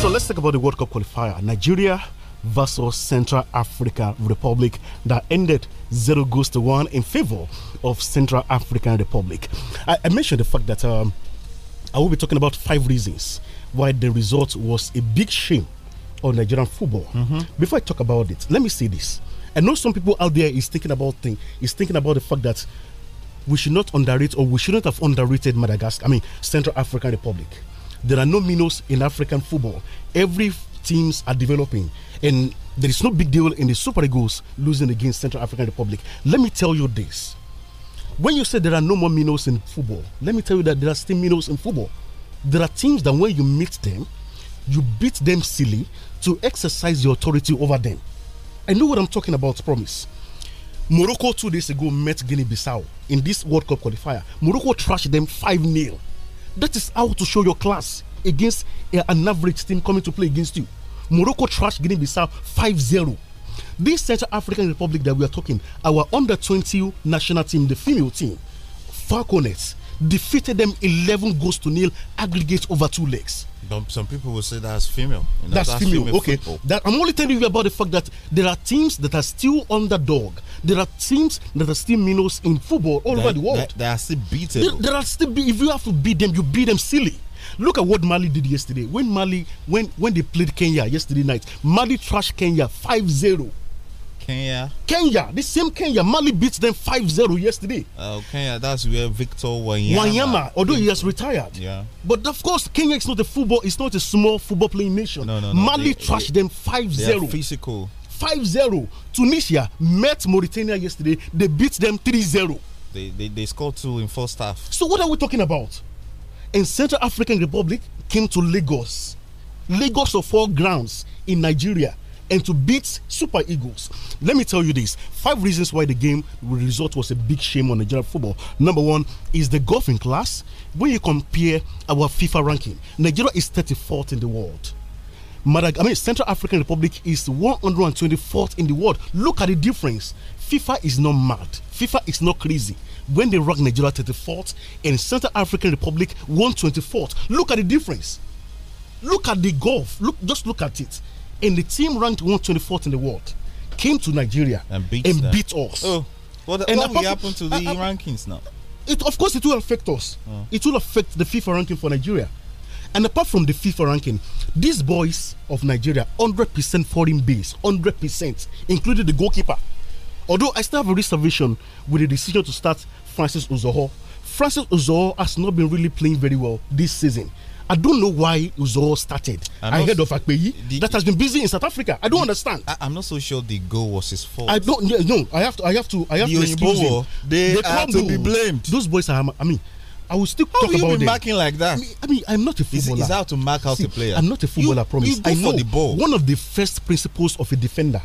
So let's talk about the World Cup qualifier. Nigeria versus Central African Republic that ended zero goals to one in favor of Central African Republic. I, I mentioned the fact that um, I will be talking about five reasons why the result was a big shame on Nigerian football. Mm -hmm. Before I talk about it, let me say this. I know some people out there is thinking about thing is thinking about the fact that we should not underrate or we shouldn't have underrated Madagascar. I mean, Central African Republic. There are no minos in African football. Every teams are developing, and there is no big deal in the Super Eagles losing against Central African Republic. Let me tell you this: when you say there are no more minos in football, let me tell you that there are still minos in football. There are teams that when you meet them, you beat them silly to exercise your authority over them. I know what I'm talking about, promise. Morocco two days ago met Guinea Bissau in this World Cup qualifier. Morocco trashed them 5 0. That is how to show your class against an average team coming to play against you. Morocco trashed Guinea Bissau 5 0. This Central African Republic that we are talking, our under 20 national team, the female team, Falconets, defeated them 11 goals to nil, aggregate over two legs. some people will say that's female. You know, that's, that's, female. female okay. That, I'm only telling you about the fact that there are teams that are still underdog. There are teams that are still minnows in football all that, over the world. they are still beaten. There, there are still be, if you have to beat them, you beat them silly. Look at what Mali did yesterday. When Mali when when they played Kenya yesterday night, Mali trashed Kenya 5-0. Kenya. Kenya, the same Kenya. Mali beat them 5-0 yesterday. Uh, Kenya, that's where Victor Wanyama. Wanyama, although he has retired. Yeah. But of course, Kenya is not a football. It's not a small football playing nation. No, no, no. Mali they, trashed they, them 5-0. Physical. 5-0. Tunisia met Mauritania yesterday. They beat them 3-0. They, they, they scored two in first half. So what are we talking about? In Central African Republic came to Lagos. Lagos of all grounds in Nigeria and to beat Super Eagles. Let me tell you this five reasons why the game result was a big shame on Nigerian football. Number one is the golfing class. When you compare our FIFA ranking, Nigeria is 34th in the world. Madag I mean, Central African Republic is 124th in the world. Look at the difference. FIFA is not mad. FIFA is not crazy. When they rank Nigeria 34th and Central African Republic 124th, look at the difference. Look at the golf. Look, just look at it and the team ranked 124th in the world came to Nigeria and beat, and beat us. Oh, what, and what will happen to the I, I, rankings now? It, of course, it will affect us. Oh. It will affect the FIFA ranking for Nigeria. And apart from the FIFA ranking, these boys of Nigeria, 100% foreign base, 100%, including the goalkeeper. Although I still have a reservation with the decision to start Francis Uzoho. Francis Uzoho has not been really playing very well this season. I don't know why it all started. I'm I heard of Akpeyi that has been busy in South Africa. I don't understand. I, am not so sure the goal was his fault. I don't. Yeah, no, I have to. I have to. I have the to excuse him. They, they are to be blamed. Those boys are. I mean. I will still how talk about How you be marking like that? I mean, I am mean, not a footballer. Is, is how to mark out See, a player. I'm not a footballer, you, promise. You I know the ball. one of the first principles of a defender.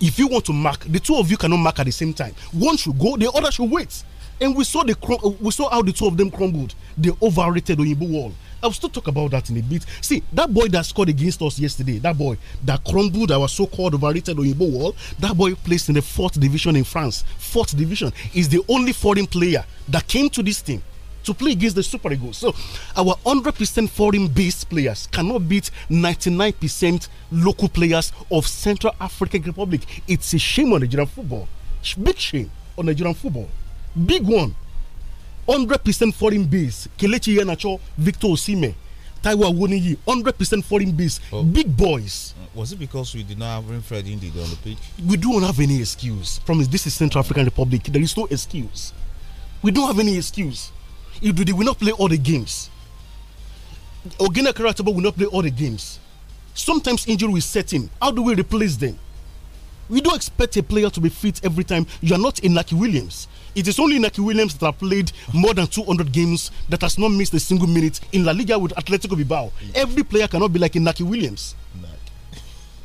If you want to mark, the two of you cannot mark at the same time. One should go, the other should wait. And we saw the we saw how the two of them crumbled. They overrated on Oyinbo Wall. I'll still talk about that in a bit. See, that boy that scored against us yesterday, that boy that crumbled our so called overrated the wall, that boy placed in the fourth division in France. Fourth division is the only foreign player that came to this team to play against the Super Eagles. So our 100% foreign-based players cannot beat 99% local players of Central African Republic. It's a shame on Nigerian football. Big shame on Nigerian football. Big one. 100% foreign base Kelechi Iheanacho Victor Osime Taiwo Awoniyi 100% foreign base oh. big boys mm, was it because we did not have Winfred Indeed on the pitch we don't have any excuse From this is Central African Republic there is no excuse we don't have any excuse if they will not play all the games Ogina Karatabo will not play all the games sometimes injury will set in how do we replace them we don't expect a player to be fit every time. You are not in Naki Williams. It is only Naki Williams that have played more than 200 games that has not missed a single minute in La Liga with Atletico Bilbao. Mm. Every player cannot be like Naki Williams. No.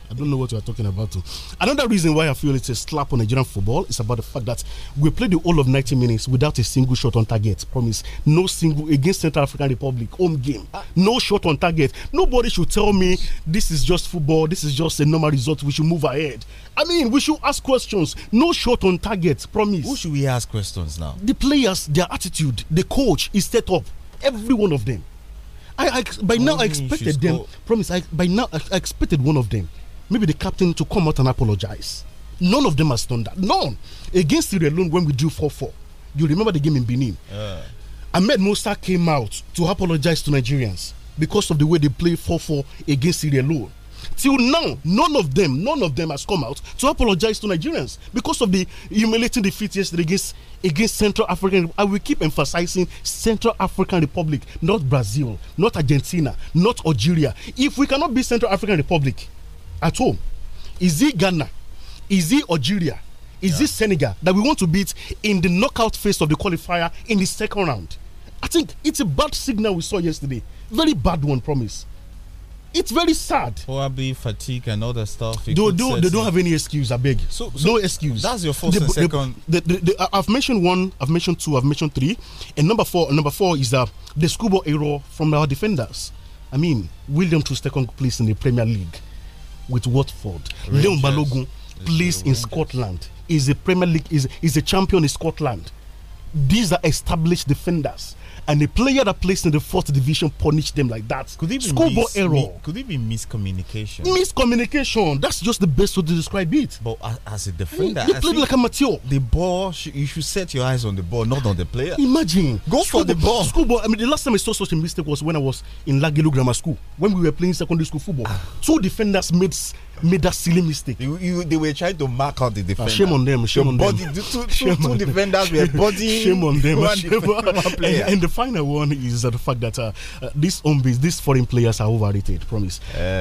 I don't know what you are talking about. Too. Another reason why I feel it's a slap on Nigerian football is about the fact that we played the whole of 90 minutes without a single shot on target. Promise. No single against Central African Republic, home game. No shot on target. Nobody should tell me this is just football, this is just a normal result. We should move ahead. I mean, we should ask questions. No shot on target, promise. Who should we ask questions now? The players, their attitude, the coach is set up. Every one of them. I, I by what now I expected them. Oh. Promise. I by now I, I expected one of them maybe the captain to come out and apologize. None of them has done that. None. Against Syria alone, when we drew 4 4, you remember the game in Benin. Uh. Ahmed Musa came out to apologize to Nigerians because of the way they play 4 4 against Syria alone. Till now, none of them, none of them has come out to apologize to Nigerians because of the humiliating defeat yesterday against against Central African. I will keep emphasizing Central African Republic, not Brazil, not Argentina, not Algeria. If we cannot beat Central African Republic, at home? Is it Ghana? Is it Algeria? Is yeah. it Senegal that we want to beat in the knockout phase of the qualifier in the second round? I think it's a bad signal we saw yesterday. Very bad one, promise. It's very sad. Probably fatigue and other stuff. They, do, do, they don't have any excuse, I beg. So, so no excuse. That's your first the, and second. The, the, I've mentioned one, I've mentioned two, I've mentioned three. And number four, number four is uh, the scuba error from our defenders. I mean, William to second place in the Premier League with Watford. Leon Balogun plays in Scotland. Is a Premier League is is a champion in Scotland. These are established defenders and a player that plays in the fourth division punish them like that. Could it be schoolboy error? Could it be miscommunication? Miscommunication. That's just the best way to describe it. But as, a defender, you I played like a mature. The ball, you should set your eyes on the ball, not on the player. Imagine. Go for the ball. Schoolboy. I mean, the last time I saw such a mistake was when I was in Lagelu Grammar School when we were playing secondary school football. Ah. Two defenders made made that silly mistake. You, you, they were trying to mark out the ah, defender. shame on them. Shame Your on body, them. The two, two, two defenders were body. Shame on them. shame on, and, and, the final one is uh, the fact that uh, uh, these home base, these foreign players are overrated. Promise.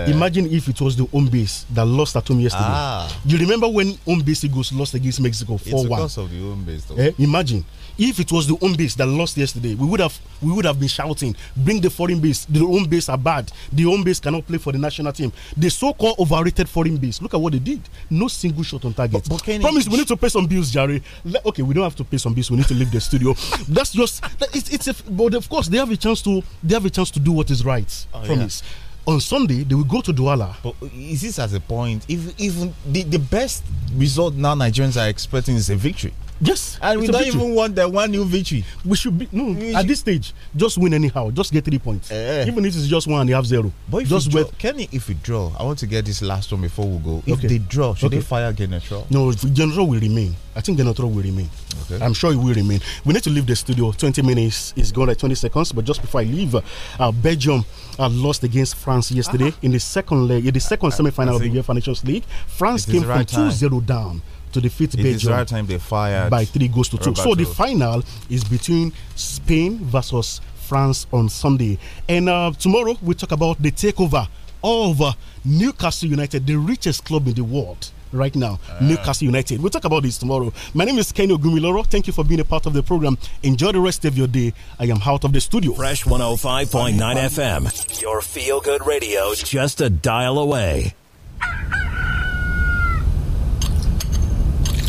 Imagine if it was the home base that lost at home yesterday. Ah. You remember when home base Eagles lost against Mexico four one? It's because of the home base. Eh? Imagine. if it was the home base that lost yesterday, we would have we would have been shouting, bring the foreign base. The home base are bad. The home base cannot play for the national team. The so-called overrated foreign base. Look at what they did. No single shot on target. But, but Promise, we need to pay some bills, Jerry. Okay, we don't have to pay some bills. We need to leave the studio. That's just it's it's a, but of course they have a chance to they have a chance to do what is right. Oh, Promise. Yeah on Sunday they will go to Douala. But is this as a point? If even the, the best result now Nigerians are expecting is a victory. Yes. And we don't even want the one new victory. We should be no at this stage, just win anyhow. Just get three points. Eh. even if it's just one and a half zero. But if just draw, Kenny, if we draw, I want to get this last one before we go. If okay. they draw, should okay. they fire Genetro? No, Genetro will remain. I think Genetro will remain. Okay. I'm sure he will remain. We need to leave the studio. 20 minutes is gone like 20 seconds. But just before I leave, uh, uh Belgium uh, lost against France yesterday ah. in the second leg, in the second ah, semi-final of the UEFA Nations League. France came right from 2-0 down to defeat it Belgium. Right time they fired by three goals to two. Roberto. So the final is between Spain versus France on Sunday, and uh, tomorrow we talk about the takeover of uh, Newcastle United, the richest club in the world right now, uh. Newcastle United. We'll talk about this tomorrow. My name is Kenny Ogumiloro. Thank you for being a part of the program. Enjoy the rest of your day. I am out of the studio. Fresh 105.9 FM, your feel good radio, just a dial away.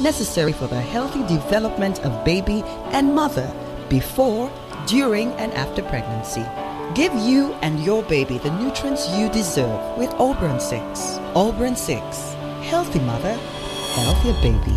necessary for the healthy development of baby and mother before, during, and after pregnancy. Give you and your baby the nutrients you deserve with Auburn 6. Auburn 6. Healthy mother, healthier baby.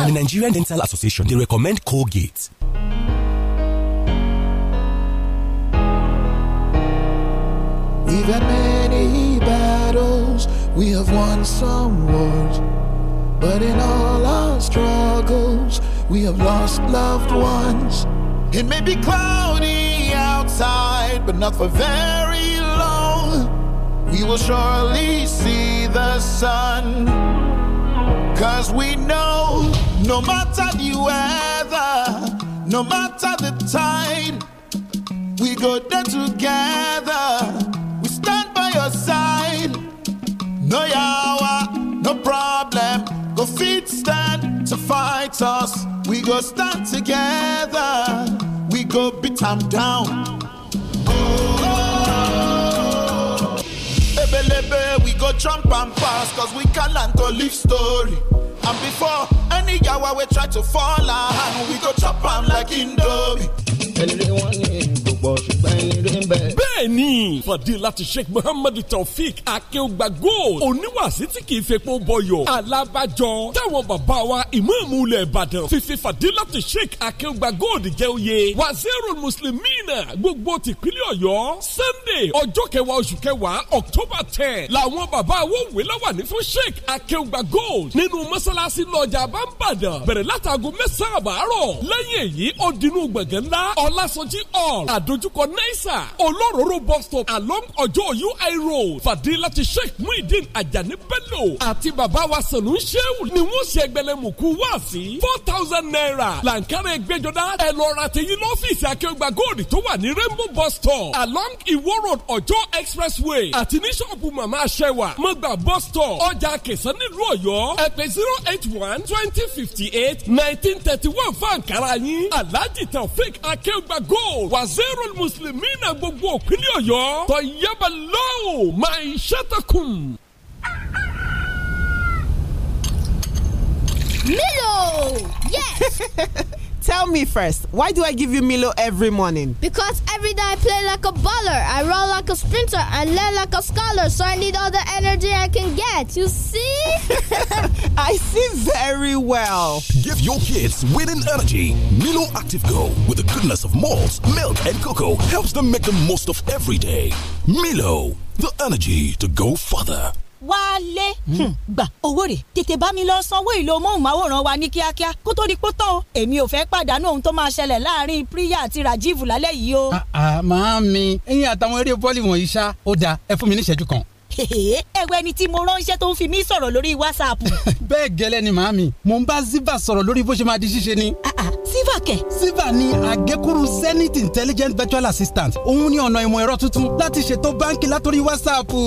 now, the Nigerian Dental Association, they recommend Colgate. We've had many battles, we have won some wars. But in all our struggles, we have lost loved ones. It may be cloudy outside, but not for very long. We will surely see the sun, cause we know. No matter the weather, no matter the tide, we go there together. We stand by your side. No yawa, no problem. Go feet stand to fight us. We go stand together. We go beat them down. Oh, oh, oh. we go jump and pass, cause we can't land to live story. And before any yawa we try to fall on, we go chop am like Indomie pọ̀ ṣùgbọ́n eléré ń bẹ̀. bẹ́ẹ̀ni fadilati sheikh muhammadu taofik akeugba gold oníwàsí tí kì í fepo bọyọ alábàjọ táwọn bàbá wa ìmáàmù ilẹ̀ ìbàdàn fífi fadilati sheikh akeugba gold jẹ́ oyè wazirul muslimina gbogbo tìpínlẹ̀ ọ̀yọ́ sunday ọjọ́ kẹwàá oṣù kẹwàá october ten làwọn bàbá wo wé láwà ní fún sheikh akeugba gold nínú mọ́sálásí lọ́jà àbámbàdàn bẹ̀rẹ̀ látàgùn mẹ́sàn-án àbárọ̀ lẹ́yìn èyí ó dinú gbọ̀ngàn ńlá ọlásọjí hall àd àdójúkọ naisa olóróró bus stop along ọjọ́ ui road fadilati sheikh muhyiddin ajani bello àti bàbá wa sanu sheu ni wọ́n ṣe gbẹlẹmùkú wá sí four thousand naira làǹkàrẹ̀ gbẹjọdá ẹ lọ ra tẹ̀yìn lọ́fíìsì akẹ́wọ́gba gold tó wà ní rainbow bus stop along iwo road ọjọ́ expressway àti ní ṣọ́ọ̀bù màmá aṣẹ́wà mọ́gbà bus stop ọjà kẹsàn-án nílùú ọ̀yọ́ ẹ̀pẹ̀ zero eight one twenty fifty eight nineteen thirty one fún àǹkàrà yín alhaji taofik akẹ́wọ́gba gold wà zero. mùsùlùmí náà gbogbo òpínlẹ̀ ọ̀yọ́ tọ̀yẹ́bà lọ́wọ́ máa ń ṣètọ́kùn. mélòó yes. Tell me first, why do I give you Milo every morning? Because every day I play like a baller, I run like a sprinter, I learn like a scholar, so I need all the energy I can get. You see? I see very well. Give your kids winning energy. Milo Active Go, with the goodness of malt, milk, and cocoa, helps them make the most of every day. Milo, the energy to go further. wálé hmm. gbà owó rẹ̀ tètè bá mi lọ sanwó ìlò móhùnmáwòrán wa ní kíákíá kó tó di pé tán o èmi ò fẹ́ pàdánù ohun tó máa ṣẹlẹ̀ láàrin Priya àti Rajiv lálẹ́ yìí o. Ah, ah, màámi ẹ̀yin àtàwọn eré bọ́ọ̀lì wọ̀nyí ṣá ó dáa ẹ fún mi ní ìṣẹ́jú kan ẹ̀wẹ̀ ni tí mo ránṣẹ́ tó ń fi mí sọ̀rọ̀ lórí wásaàpù. bẹ́ẹ̀ gẹ́lẹ́ ni màámi mò ń bá ziva sọ̀rọ̀ lórí bó ṣe máa di ṣíṣe ni. Ah, ah, ziva kẹ̀. ziva ni àgékúrú zenith intelligent virtual assistant òun ni ọ̀nà ìmọ̀ ẹ̀rọ tuntun láti ṣètò báńkì látòrí wásaàpù.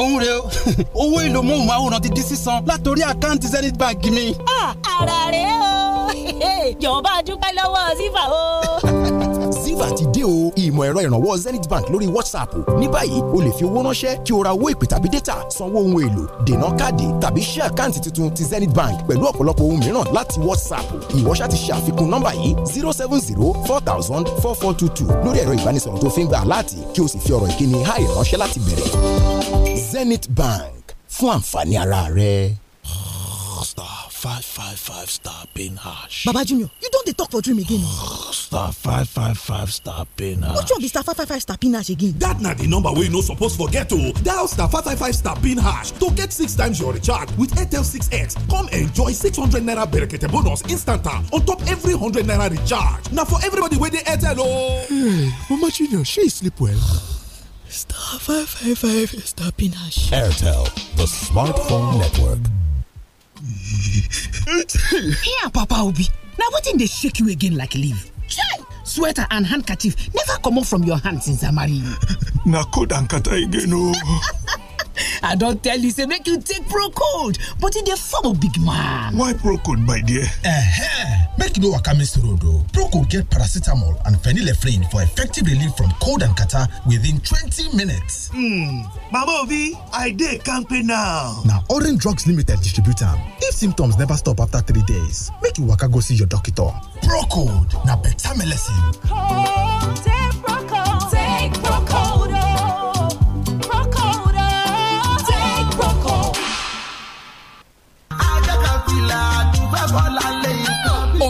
òun rè owó ìlò móhùnmáwòrán ti di sísan látòrí àkáǹtì zenith bank mi. Ah, ara rẹ̀ o jọ̀ọ́ bá dúpẹ́ lọ́wọ́ ziva o fever ti dé o ìmọ̀ ẹ̀rọ ìrànwọ́ zenith bank lórí whatsapp ní báyìí o lè fi owó ránṣẹ́ kí o ra owó ìpè tàbí data sanwó ohun èlò dènà káàdì tàbí ṣí àkáǹtì tuntun ti zenith bank pẹ̀lú ọ̀pọ̀lọpọ̀ ohun mìíràn láti whatsapp ìwọ ṣá ti ṣe àfikún nọ́mbà yìí zero seven zero four thousand four four two two lórí ẹ̀rọ ìbánisọ̀rọ̀ tó fi ń gba aláàtì kí o sì fi ọ̀rọ̀ ìkíni háì ránṣẹ́ láti bẹ̀rẹ̀ zenith bank fún àǹfààní ara rẹ five five five star being harsh. baba junior you don dey talk for dream again. star five five five star being harsh. which one be star five five five star being harsh again. dat na di number wey you no suppose forget o oh. dial star five five five star being harsh to get six times your recharge with airtel 6x come enjoy six hundred naira berekete bonus instanta ah, on top every hundred naira recharge na for everybody wey dey airtel o. Oh. hey mama junior she sleep well. star five five five star being harsh. airtel the smartphone network. Here, Papa Obi. Now in they shake you again like leaf? Chai! Sweater and handkerchief never come off from your hands since I marry you. Na cold and kata again oh. i don't tell you say make you take procold but in the form of big man why procold my dear? eh make you know what miss though. o procold get paracetamol and phenylephrine for effective relief from cold and catarrh within 20 minutes hmm mama obi i dey now. Now orange drugs limited distributor. if symptoms never stop after three days make you waka go see your doctor procold na beta melecine fẹ́ kọ́ lálẹ́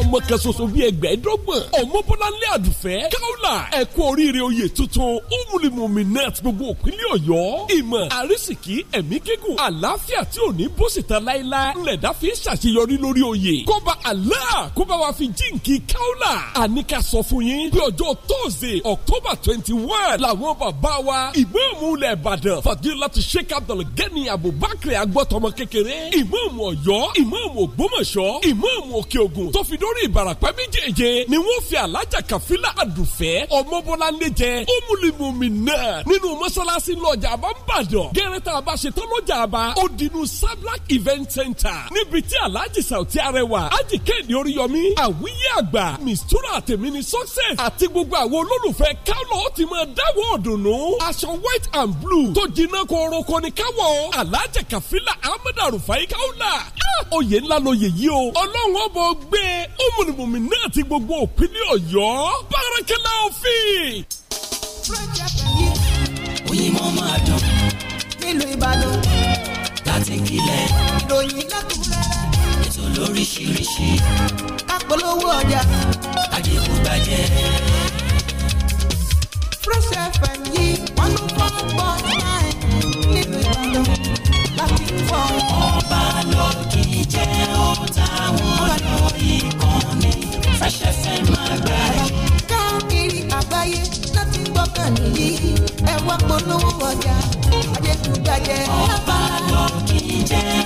ọmọ kan ṣoṣo bíi ẹgbẹ̀ẹ́dọ́gbọ̀n ọmọbọ́láńlé àdùfẹ́ káwùlà ẹ̀kú oríire oyè tuntun umulimumi net gbogbo òpínlẹ̀ ọ̀yọ́ ìmọ̀ àrísìkí ẹ̀mí gígùn àlàáfíà tí ò ní bó síta láéláé ńlẹ̀dá fi ṣàṣeyọrí lórí oyè kọ́ba Allah kó bá wa fi jíǹkì káwùlà àníkà sọ fún yín bí ọjọ́ tóòzè October twenty one làwọn bàbá wa ìmáàmù ilẹ̀ Ìbàdàn Fadilatu Sheikh Abdulgani Abubakar agbọ́tọmọ kékeré ìmáàmù Ọ̀yọ́ ìmáàmù Ògbómọ̀ṣọ́ ìmáàmù Òkè Ògùn tó fi dórí lórí ìbarapẹ́ méjèèje ni wọ́n fi alájà kàfílà àdùfẹ́ ọmọbọ́láńdé jẹ ómùlùmùmí náà nínú mọ́ṣáláṣí lọ́jà àbá ń bàdàn gẹ́rẹ́tà àbá ṣetán lọ́jà àbá ó sablak event center níbi tí alájì sàùtí arẹwà ájì kéde oríyọmí àwíyé àgbà mistura àtẹ̀mí success àti gbogbo àwọn olólùfẹ́ kálọ̀ ti máa dáwọ́ ọ̀dùnnú aṣọ white and blue tó jiná kọ̀ọ̀rọ̀kọ̀ ni káwọ̀ alájà kàfílà ahmed arufai káwọ́là ah, oyè ńlá lóye yìí o ọlọ́run ọ̀bọ̀ mùnìmùnì náà ti gbogbo òpínlẹ̀ ọ̀yọ́ bárakẹ́lá òfin. oyinmọ máa dán. nílùú ìbàdàn. láti kílẹ̀. ìròyìn lẹ́kùnrẹ́rẹ́. ètò lóríṣiríṣi. kápolówó ọjà. àdéhùn gbàjẹ́. Fresh FM yìí wọ́n ló fọ́ pọ̀ náà nílùú Ìbàdàn láti fọ́. ọba lọ kì í jẹ́ ọ̀tá wọn. náà nìyí ẹ wá polówó ọjà ayélujájẹ. ọba lọ kì í jẹ́.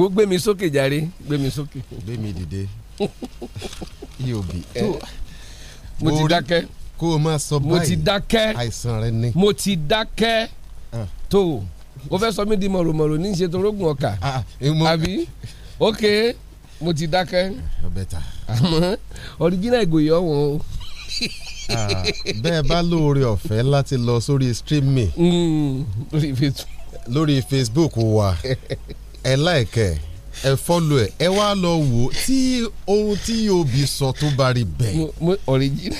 wo gbé mi sókè jàre gbé mi sókè. gbé mi dìde eob tó eh, mo ti dákẹ́ kó o máa sọ báyìí mo ti dákẹ́ àìsàn rẹ ni mo ti dákẹ́ ah. tó o fẹ́ sọ mí di mọ̀rọ̀mọ̀rọ̀ ní ṣe torógùn ọkà ah, ah, àbí ok mo ti dákẹ́ eh, àmọ́ original ìgòyè ọ̀wọ́n o bẹ́ẹ̀ bá lóore ọ̀fẹ́ láti lọ sórí streaming hmm, lórí Facebook wa ẹ láìkẹ́ ẹ fọ́lù ẹ̀ ẹ wá lọ wò ó tí ohun tí Òbí sọ tó bá rí bẹ́ẹ̀. mo ọ̀rìjìnà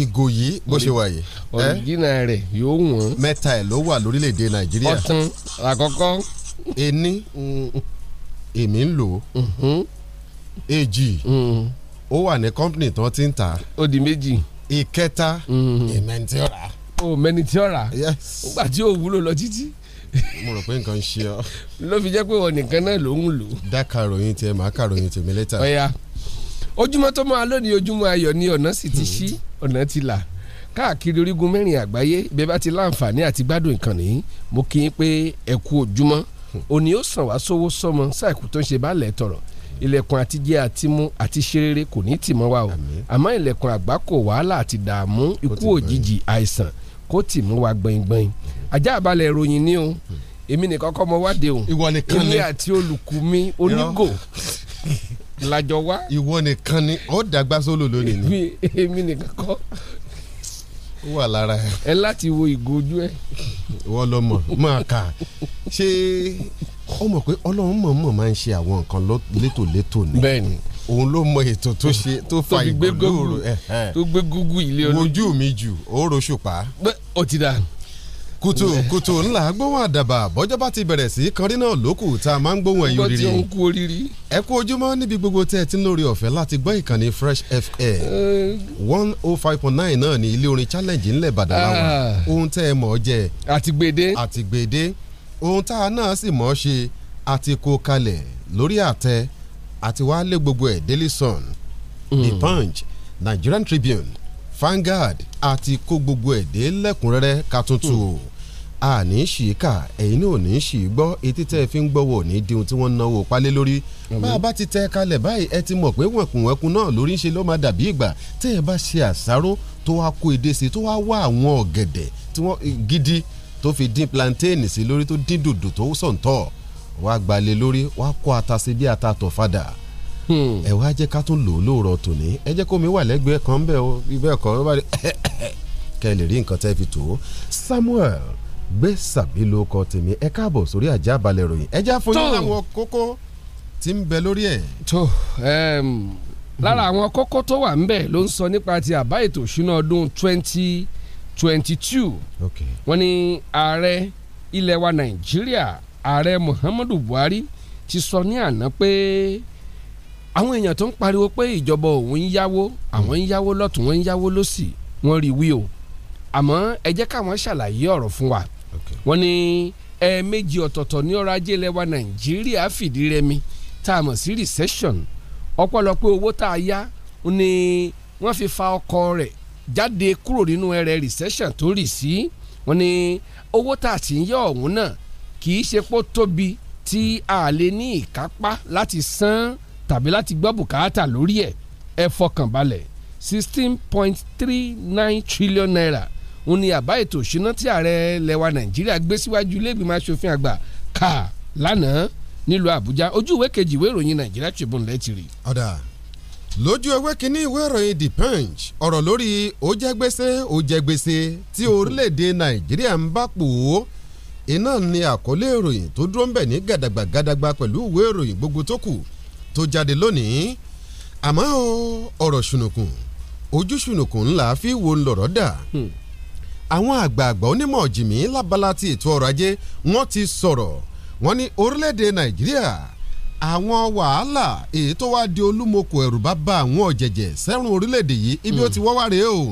ìgò yìí bó ṣe wà yìí. ọ̀rìjìnà rẹ̀ yóò wọ̀n. mẹ́ta ẹ̀ ló wà lórílẹ̀‐èdè Nàìjíríà. ọ̀tún àkọ́kọ́. ení èmi ń lò ó èjì ó wà ní kọ́ńpìnì tí wọ́n ti ń tà ó di méjì. ìkẹta ìmẹ̀ntì o mẹni tí ọ̀rà. yes. nígbà tí ò wúlò lọ títí mo rò pé nǹkan ń ṣe ọ. ló fi jẹ́ pé wọn nìkan náà ló ń lò. dá karòyìn tiẹ̀ máa karòyìn tèmi lẹ́tà. ọ̀ya ojúmọ́ tó máa lónìí ojúmọ́ ayọ̀ ni ọ̀nà sì ti ṣí ọ̀nà ti là káàkiri orígun mẹ́rin àgbáyé ibẹ̀ bá ti láǹfààní àti gbádùn ìkànnì mo kí i pé ẹ kú ojúmọ́ òní ó sàn wá sówó sọmọ sáìkú tó ń ṣe báàlẹ̀ tọ̀rọ̀ ilẹ̀kùn àti jẹ́ àti mú àti ṣe rere kò ní tì mọ́ wa o àmọ́ ilẹ̀kùn àgbákò wàhálà àti dààmú ikú òjijì àìsàn kó tì mú wa gbẹ̀ngbẹ̀ng ajá àbálẹ̀ ìròyìn ni o èmi nìkan kọ́ mọ wáde o èmi àti olùkú mi onígò lajọ wá. ìwọ nìkan ni ó dàgbà sólò lónìí ni. èmi nìkan kọ́ ó wà lára ẹ. láti wo ìgò ẹ. wọ́n lọ mọ̀ máa kà ṣé ó pé ọlọ́run mọ̀ mọ̀ máa ń ṣe àwọn nǹkan létòlétò ni. bẹ́ẹ̀ ni òun ló mọ ètò tó ṣe tó fa ìgbòlóòrò tó gbé gúgú ilé olú wojú mi jù òórò ṣùpá. ó ti dà. kùtù kùtù ńlá gbóhùn àdàbà bọ́jọ́ ti bẹ̀rẹ̀ sí kọrí náà lókù tá a máa ń gbóhùn ẹ̀yọ́ rírì. ó kú oríire. ẹ kú ojúmọ́ níbi gbogbo tẹ́ ẹ ti ń lórí ọ̀fẹ́ láti gbọ́ ìkànnì fresh fm eh. one oh five point nine náà ní ilé orin challenge ńlẹ̀ bàdàláwà ah. ohun tẹ́ ẹ mọ̀ àti wàá lé gbogbo ẹ̀ Daily Sun mm. The hmm. Punch Nigerian Tribune Vanguard àti kó gbogbo ẹ̀ dé lẹ́kùnrẹ́rẹ́ ká tuntun o àní hmm. ṣìíkà ẹ̀yin ní òní ṣì í gbọ́ etí tẹ́ ẹ fi ń gbọ́wọ́ ní dihun tí wọ́n ń náwó palẹ̀ lórí bá a bá ti tẹ kalẹ̀ báyìí ẹ ti mọ̀ pé wọ̀nkùnwọ̀nkùn náà lórí ń ṣe ló máa dàbí ìgbà tẹ́ ẹ bá ṣe àṣàrò tó wá kó èdè sí tó wá wá àwọn ọ̀gẹ̀dẹ̀ tí wọ́n gidi tó fi dín plantain sí lórí tó dín dòdò tó sọ̀ǹtọ̀ wàá gbalẹ̀ lórí wàá kó ata sí bí ata tọ̀ fadà hmm. ẹ wá jẹ́ ká tún lò ó lóòrọ̀ tòní ẹ jẹ́ kó mi wà lẹ́gbẹ̀ẹ́ kan bẹ́ẹ̀ o ibẹ̀ kọ́ ló bá rí kẹ́ ẹ lè rí nǹkan tẹ́ fi tó Samuel gbé sàbí ló kọ tèmi ẹ káàbọ̀ sórí ajá balẹ̀ ròyìn ẹ já fún yín láwọn kókó tí ń bẹ lórí ẹ̀. tó lára àwọn kókó tó wà ń bẹ ló ń sọ nípa ti àbá ètò ìṣúná ọdún twenty twenty two wọ́n ní ààrẹ ilẹ̀ wa Nàìjíríà ààrẹ Muhammadu Buhari ti sọ ní àná pé àwọn èèyàn tó ń pariwo pé ìjọba òun ń yáwó àwọn ń yáwó lọ́tún wọ́n ń yáwó lọ́sì wọ́n rí wí o àmọ́ ẹ jẹ́ káwọn ṣàlàyé ọ̀rọ̀ fún wa wọ́n ní ẹ̀ẹ̀mejì ọ̀tọ̀ọ̀tọ̀ ní ọrọ̀ ajé lẹ́wà Nàìjíríà fìdí rẹmi tá a mọ̀ sí recession ọ̀pọ̀lọpọ̀ owó tá a yá ni wọ́n fi fa ọkọ̀ rẹ̀ jáde kúrò nínú ẹrẹ̀ recession tó rì sí wọ́n ní owó tá a ti ń yá ọ̀hún náà kì í ṣe pé ó tóbi tí a lè ní ìkápá láti san tàbí láti gbọ́ bùkátà lórí ẹ̀ ẹ fọkàn sixteen point three nine trillion naira òun ni àbá ètò ìṣúná tí ààrẹ lẹwa nàìjíríà gbé síwájú ilégbìmọ̀ asòfin àgbà kà lánàá nílùú àbújá ojú ìwé kejì ìwé ìròyìn nàìjíríà tribune lẹ́tì rí. ọ̀dà lójú ewé kínní ìwé ìròyìn the punch ọ̀rọ̀ lórí ó jẹ́ gbèsè ó jẹ́ gbèsè tí orílẹ̀-èdè nàìjíríà ń bá pòó iná ni àkọlé ìròyìn tó dúró ń bẹ̀ ní gàdàgbà gàdàgbà pẹ̀lú ìwé ìròyìn gbogbo tó kù tó jáde lónìí àmọ́ ọ̀rọ̀ ṣùnùkùn ojú ṣùnùkùn ńlá fi wo ńlọ̀rọ̀ dà hmm. àwọn àgbààgbà onímọ̀ jìmí lábala ti ètò ọrọ̀ ajé wọ́n ti sọ̀rọ̀ wọ́n ní orílẹ̀-èdè nàìjíríà àwọn wàhálà èyí tó wá di olúmọkò ẹ̀rù bá bá àwọn ọ̀jẹ̀jẹ̀ sẹ́rùn orílẹ̀-èdè yìí ibi hmm. ó ti wọ́wá rèé o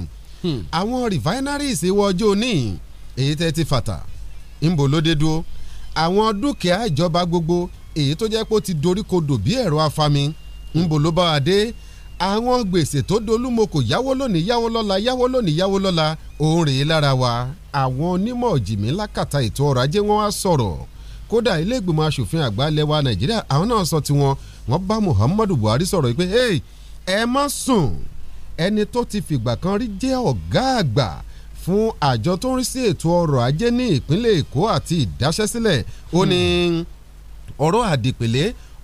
hmm. àwọn refineries ìwọ ọjọ́ èyí tẹ́ ti fàtà ńbo ló dé dúró àwọn dúkìá ìjọba gbogbo èyí tó jẹ́ pé ó ti doríkodò bí ẹ̀rọ afami ńbo ló bá wa dé àwọn gbèsè tó dolúmokò yáwó lónìí yáwó lọ́la yáwó lónìí yáwó lọ́la òun rèé lára wa àwọn onímọ̀ jìmí lákàtà ètò ọrọ̀ ajé wọn wá sọ̀rọ̀ kódà ilé asòfin àgbà ilẹ̀ nàìjíríà àwọn náà sọ tiwọn wọ́n bá muhammadu buhari sọ̀rọ̀ pé ẹ má sùn ẹni tó ti fìgbà kan rí jẹ́ ọ̀gá àgbà fún àjọ tó ń rí sí ètò ọrọ̀ ajé ní ìpínlẹ̀ Èkó àti ìdáṣẹ́sílẹ̀ ó ní ọ̀rọ̀ àdìpèlé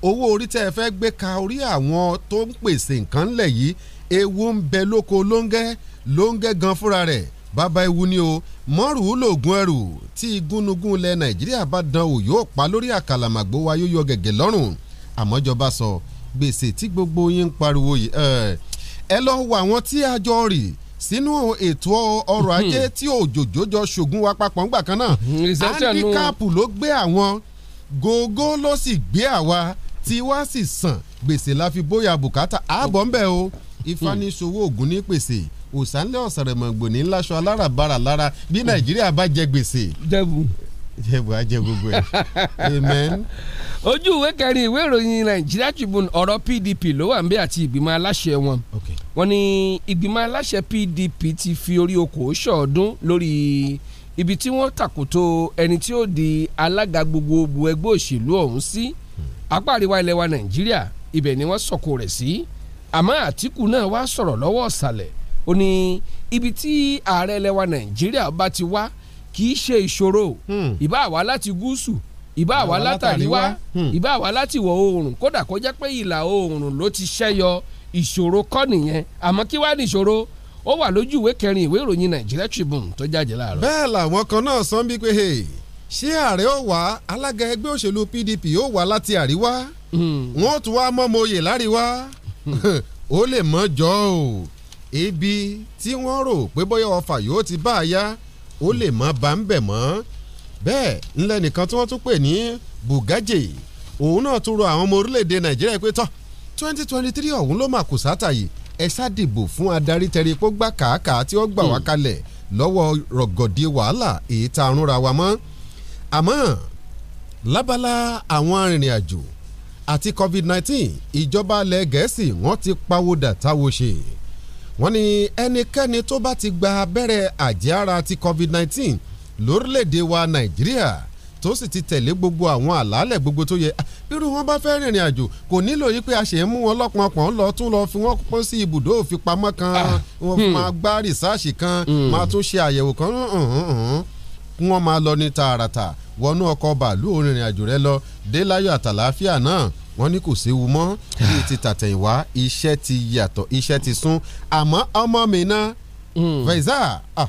owó orí tẹ́ ẹ fẹ́ gbé ka orí àwọn tó ń pèsè nǹkan ńlẹ̀ yìí ewu ń bẹ lóko lóńgẹ́ lóńgẹ́ gan fúnra rẹ̀ bàbá ewu ni o mọ́rùú lògùn ẹrù tí igúnnugún ilẹ̀ Nàìjíríà bá dán o yóò pa lórí àkàlàmàgbò wa yóò yọ gẹ̀gẹ̀ lọ́rùn àmọ́jọba sọ gbèsè tí gbogbo yín ń pariwo yìí ẹ lọ wọ àwọn tí a jọ rì sínú ètò ọrọ̀ ajé hmm. tí òjòjò jọ ṣògùn wa papọ̀ ńgbà kan náà handikapu ló gbé àwọn gógó ló sì gbé àwa tí wá sì sàn gbèsè la fi bóyá bùkátà ààbọ̀ ń bẹ̀ o ìfanisowó ògùn ní pèsè òsánlẹ̀ ọ̀sẹ̀rẹ̀mọ̀gbò ní ńláṣọ aláràbarà lára bí nàìjíríà bá jẹ gbèsè jẹ̀bù ajẹ́ gbogbo ẹ̀ amen. ojú ìwé kẹrin ìwé ìròyìn nàìjíríà tribune ọ̀rọ̀ pdp ló wà nbẹ àti ìgbìmọ̀ aláṣẹ wọn wọ́n ní ìgbìmọ̀ aláṣẹ pdp ti fi orí okòó ṣọ̀ọ́dún lórí ibi tí wọ́n tàkòtò ẹni tí ó di alága gbogbogbò ẹgbẹ́ òṣèlú ọ̀hún sí apá àríwá ilẹ̀ wa nàìjíríà ibẹ̀ ni wọ́n sọ̀kò rẹ̀ sí àmọ́ àtìkù náà wá sọ̀rọ̀ lọ́wọ́ ọ̀sàlẹ̀ kì í ṣe ìṣòro hmm. ìbá wá láti gúúsù ìbá wá látàríwá hmm. ìbá wá láti wọ̀ oòrùn kódà kó jẹ́ pé ìlà oòrùn ló ti ṣẹ́yọ ìṣòro kọ́ nìyẹn àmọ́ kí wá ní ìṣòro ó wà lójú ìwé kẹrin ìwé ìròyìn Nigeria Tribune tó jáde láàárọ̀. bẹ́ẹ̀ làwọn kan náà sọ bí pé ṣé ààrẹ ó wá alága ẹgbẹ́ òṣèlú PDP ó wá láti àríwá hmm. wọn ó tún wá mọ́mọ́ láríwá ó lè mọ́ jọ ọ́ ebi tí wọ́n rò pé bóyá ọfà yóò ti bá a yá ó lè má bá ń bẹ̀ mọ́ bẹ́ẹ̀ ńlẹ́ nìkan tí wọ́n tún pè ní Bugaje òun náà tún rọ àwọn ọmọ orílẹ̀-èdè Nàìjíríà pé tán twenty twenty three ọ̀hún ló mà kù sátàyè ẹ ṣàdìbò fún adarí tẹ̀rí pó gbà kàákàá tí ó gbà wá hmm. kalẹ̀ lọ́wọ́ rọ̀gọ̀dì wàhálà èyí tá a rúnra wa mọ́ àmọ́ lábala àwọn arìnrìn-àjò àti covid nineteen ìjọba alẹ́ gẹ̀ẹ́sì wọ́n ti pawódà táwo ṣe wọ́n ní ẹnikẹ́ni tó bá ti gba abẹ́rẹ́ àjẹára ti COVID-19 lórílẹ̀‐èdè wa nàìjíríà tó sì ti tẹ̀lé gbogbo àwọn àlàálẹ̀ gbogbo tó yẹ bírú wọn bá fẹ́ rìnrìn àjò kò nílò yí pé a ṣe ń mú wọn lọ́pọ̀ ọ̀pọ̀ ńlọ tún lọ fi wọ́n pọ́n sí ibùdó òfipamọ́ kan ah, wọ́n hmm. máa gbá rìsáàsì kan hmm. máa tún ṣe àyẹ̀wò kan wọ́n máa lọ ní tààràtà wọnú ọkọ̀ bàálù òrìnrìn àjò rẹ lọ dé láyọ̀ àtàlàáfíà náà wọ́n ní kò séwu mọ́ bíi ti tàtẹ̀yìnwá iṣẹ́ ti yàtọ̀ iṣẹ́ ti sún àmọ́ ọmọ mi náà hmm. Faiza ah,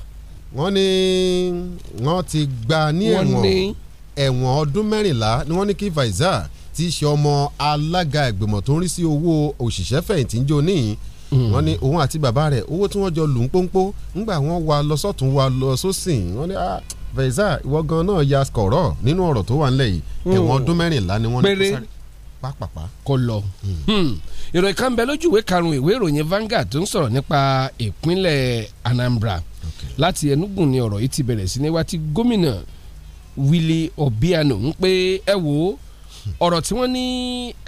wọ́n ní wọ́n ti gba ní ẹ̀wọ̀n ẹ̀wọ̀n ọdún mẹ́rìnlá ni wọ́n ní kí Faiza ti ṣe ọmọ alága ìgbìmọ̀ tó ń rí sí owó òṣìṣẹ́ fẹ̀yìntì ń jò níyìn hmm. wọ́n ní òun àti bàbá rẹ̀ owó tí wọ́n jọ lù ń pọ́npọ́ ńgbà wọ́n wá lọ sọ́tún wá lọ sósìn wọ́n ní ah, Faiza ìwọ gan náà ya kọ̀rọ̀ nínú ọ̀rọ̀ tó wà ńlẹ̀ yìí hmm. ẹ̀wọ̀n ọdún mẹ́rìnlá ni wọ́n ní kó sáré pápápá kó lọ. Hmm. ìròyìn kan bẹ lójú ìwé karùn-ún ìwé ìròyìn Vanguard tó ń sọ̀rọ̀ nípa ìpínlẹ̀ Anambra láti Enugu ni ọ̀rọ̀ yìí ti bẹ̀rẹ̀ sí ní wá tí gómìnà Willie Obiano ń pé ẹ wò ó ọ̀rọ̀ tí wọ́n ní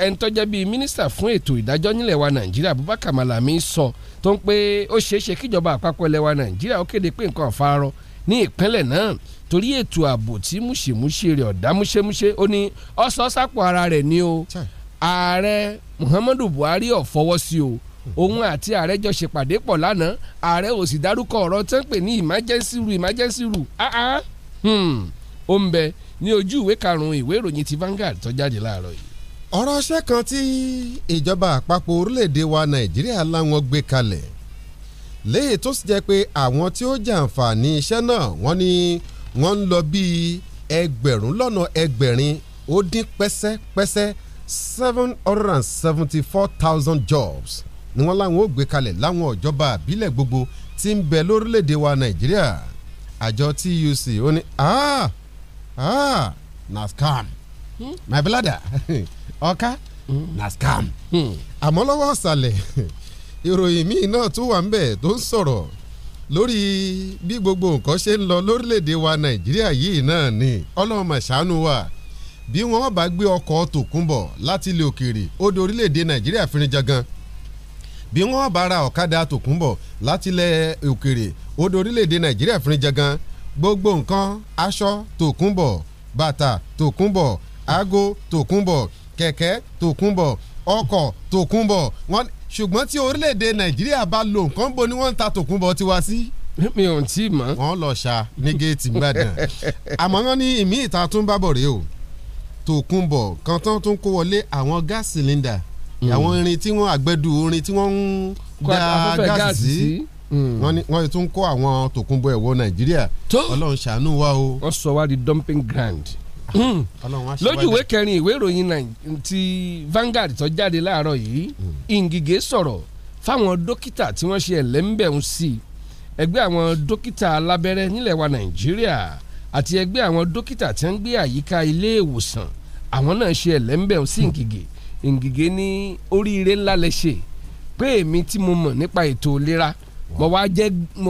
ẹni bíi mínísítà fún ètò ìdájọ́ nílẹ̀ wa nàìjíríà Abubakar Malami sọ tó ń pé ó ṣeé kíjọba àpapọ̀ ilẹ̀ wa nàìjíríà ó kéde pé nǹkan àfarọ́ ní ìpínlẹ̀ náà torí ètò ààbò tí múṣemúṣe rẹ̀ ọ̀dá múṣemúṣe ó ní ọ̀sọ́ sápò ara rẹ̀ ni o ààrẹ Muhammadu Buhari ò fọwọ́ sí o hmm. òun àti ààrẹ jọ ṣèpàdé pọ̀ lánàá ààrẹ ò sì dárúkọ ọ̀rọ̀ tó ń pè ní emergency rule emergency rule ah, ah. hmm. ó ń bẹ ní ojú ìwé karùn-ún ìwé ìròyìn ti Vanguard tó jáde láàárọ̀ yìí. ọ̀rọ̀ ṣẹ́ kan tí ìjọba àpapọ̀ orílẹ̀-èdè wa Nàìjíríà láwọn gbé kalẹ̀ léyìí tó sì jẹ́ pé àwọn tí ó jàǹfààní iṣẹ́ náà wọ́n ní wọ́n ń lọ bíi ẹgbẹ̀rún lọ́nà ẹgbẹ̀rin ó dín pẹ́sẹ́pẹ́sẹ́ seven hundred and seventy four thousand jobs ni wọ́n láwọn ó gbé kalẹ̀ láwọn ìjọba àbílẹ̀ gbogbo tí ń bẹ lórílẹ̀‐èdè wa nàìjíríà àjọ tuc ó ní ah ah na scam hmm? my brother ọ̀ka hmm? na scam hmm. àmọ́ lọ́wọ́ ọ̀sàlẹ̀ ìròyìn míì náà tún wà ń bẹ̀ tó ń sọ̀rọ̀ lórí bí gbogbo nǹkan ṣe ń lọ lórílẹ̀‐èdè wa nàìjíríà yìí náà ni ọlọ́run mà wa bí wọ́n bá gbé ọkọ̀ tòkunbọ̀ láti ilé òkèèrè ó di orílẹ̀‐èdè nàìjíríà fínrin jangan bí wọ́n bá ra ọ̀kadà tòkunbọ̀ láti ilẹ̀ òkèèrè ó di orílẹ̀‐èdè nàìjíríà fínrin jangan gbogbo nǹkan aṣọ tòkunbọ̀ bàtà tòkunbọ̀ aago tòkunbọ̀ kẹ̀kẹ́ tòkunbọ̀ ọkọ̀ tòkunbọ̀ wọ́n ṣùgbọ́n tí orílẹ̀-èdè nàìjíríà bá lo nǹkan bo ni wọ́n ń ta tòkunbọ̀ tiwa sí. mi ò tí ì mọ̀. wọ́n lọ ṣá ní géètì gbàdàn àmọ́ wọ́n ní ìmí ìta tún bá bọ̀ rèé o tòkunbọ̀ kan tán tún kó wọlé àwọn gáàsì sílíndà hmm. àwọn irin tí wọ́n àgbẹ̀dù orin tí wọ́n ń da gáàsì sí hmm. wọ́n tún kó àwọn tòkunbọ̀ ẹ̀wọ̀ nàìjíríà ọlọ́run ṣàánú wa o. wọ́n sọ wá di dumping ground. Hmm. lójú ìwé kẹrin ìwé ìròyìn ti Vanguard tó jáde láàárọ̀ yìí hmm. Ngige sọ̀rọ̀ fáwọn dókítà tí wọ́n ṣe ẹlẹ́ńbẹ̀ún sí ẹgbẹ́ àwọn dókítà alábẹ́rẹ́ nílẹ̀ wa Nàìjíríà àti ẹgbẹ́ àwọn dókítà tí wọ́n ń gbé àyíká ilé ìwòsàn àwọn náà ṣe ẹlẹ́ńbẹ̀ún sí hmm. Ngige Ngige ní oríire ńlá lẹ ṣe pé èmi tí mo mọ̀ nípa ètò ìlera mo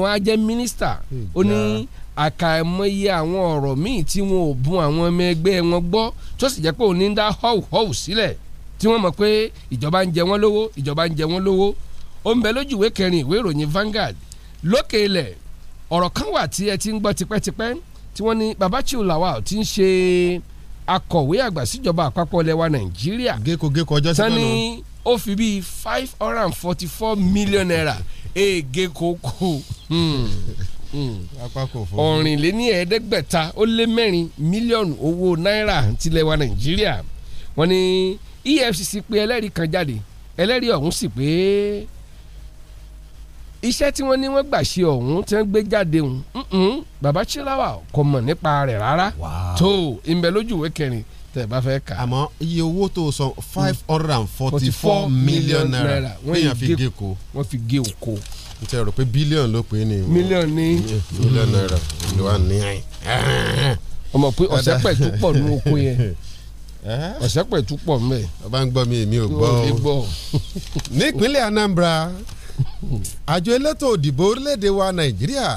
wá jẹ́ mínísítà ó ní àkàìmọye àwọn ọ̀rọ̀ míì tí wọn ò bun àwọn ọmọ ẹgbẹ́ wọn gbọ́ tó sì jẹ́ pé òní ń dá họ́wùhọ́wù sílẹ̀ tí wọ́n mọ̀ pé ìjọba ń jẹ wọ́n lówó ìjọba ń jẹ wọ́n lówó ó ń bẹ lójú ìwé kẹrin ìwé ìròyìn Vanguard lókè ilẹ̀ ọ̀rọ̀ kan wà tí ẹ ti ń gbọ́ tipẹ́tipẹ́ tí wọ́n ní Babachiu Lawal ti ń ṣe akọ̀wé àgbà síjọba àpapọ̀ lẹwa Nàìjíríà gékogéko ọjọ́ sí pẹ̀lú tani ó fi bíi five hundred and forty four million naira ègé kókó hmm ọ̀rìnléníẹ̀ẹ́dẹ́gbẹ̀ta ó lé mẹ́rin mílíọ̀nù owó náírà tilẹ̀ wa nàìjíríà wọ́n ní EFCC pé ẹlẹ́rìí kan jáde ẹlẹ́rìí ọ̀hún sì pé iṣẹ́ tí wọ́n ní wọ́n gbà ṣe ọ̀hún tí wọ́n gbé jáde ọ̀hún baba chilawa kò mọ̀ nípa rẹ̀ rárá tó ìmbẹ̀ lójú ìwé kẹrin tẹ̀ bá fẹ́ kà. àmọ́ iye owó tó o san five hundred and forty four million naira wọ́n yàn fi gé ko. wọ́n fi gé o ko n tẹ rò pé bílíọ̀nù ló pé ni. mílíọ̀nù ní. mílíọ̀nù náírà ló wà ní àyìn. ọmọ pé ọ̀sẹ̀ pẹ̀tù pọ̀ nínú oko yẹn ọ̀sẹ̀ pẹ̀tù pọ̀ mẹ́. ọba ń gbọ́ mi èmi ò gbọ́ o. nípínlẹ̀ Anambra àjọ elétò òdìbò orílẹ̀-èdè wa Nàìjíríà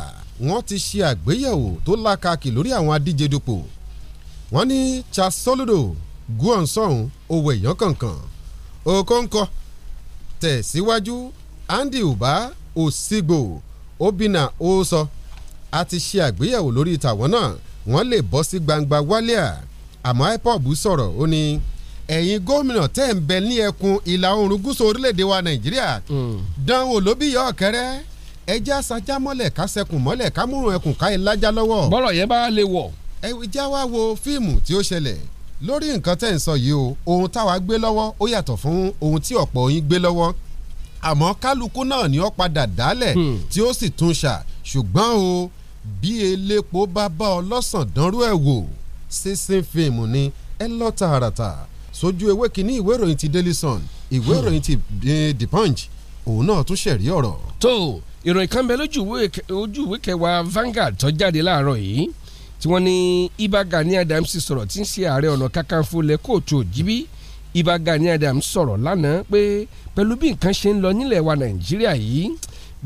wọ́n ti ṣe àgbéyẹ̀wò tó lákàkì lórí àwọn adíje dupò wọ́n ní Charles Soludo Guonson Owó Èèyàn Kankan Okonkwo tẹ̀síwájú Andy Uba Osigbo Obinna ó sọ a ti ṣe àgbéyẹ̀wò lórí tàwọn náà wọ́n lè bọ́ sí gbangba wálíà àmọ́ IPOB sọ̀rọ̀ ó ní ẹ̀yin gómìnà tẹ́ ń bẹ ní ẹkùn ìlà oòrùn gúúsù orílẹ̀‐èdè wa Nàìjíríà dánwò ló bí yọ ọ̀kẹ́rẹ́ ẹjẹ́ asajá mọ́lẹ̀ ká sẹkùn mọ́lẹ̀ ká múrun ẹkùn ká ìlàjà lọ́wọ́. bọ́rọ̀ yẹn bá lè wọ̀. ẹ já wá wo fíìmù tí ó ṣẹlẹ̀ lórí nǹkan tẹ́ ń sọ yìí o ohun táwa gbé lọ́wọ́ ó yàtọ̀ fún ohun tí ọ̀pọ̀ yín gbé lọ́wọ́ àmọ́ kálukú náà ni ó padà dálẹ̀ hmm. tí ó sì tún ṣà ṣùgbọ́n o bí elépo bá bá ọlọ́sàn dánrú ẹ̀ wò sísìn fíìmù ni ẹ lọ tààràtà sójú ewé kínní ìwé ìròyìn ti Daily Sun ìwé hmm. ìròyìn ti eh, The Punch òun náà tún ṣẹ̀rí ọ̀rọ̀. tó ìròyìn kan bẹ lójú ìwé kẹwàá Vanguard tó jáde láàárọ̀ yìí tí wọ́n ní Ìbà Gani Adams sọ̀rọ̀ tí ń ṣe ààrẹ ọ̀nà kakanfò lẹ́kọ̀ọ́tù òjìbí Ìbà Gani Adams sọ̀rọ̀ lánàá pé pẹ̀lú bí nǹkan ṣe ń lọ nílẹ̀ wa nàìjíríà yìí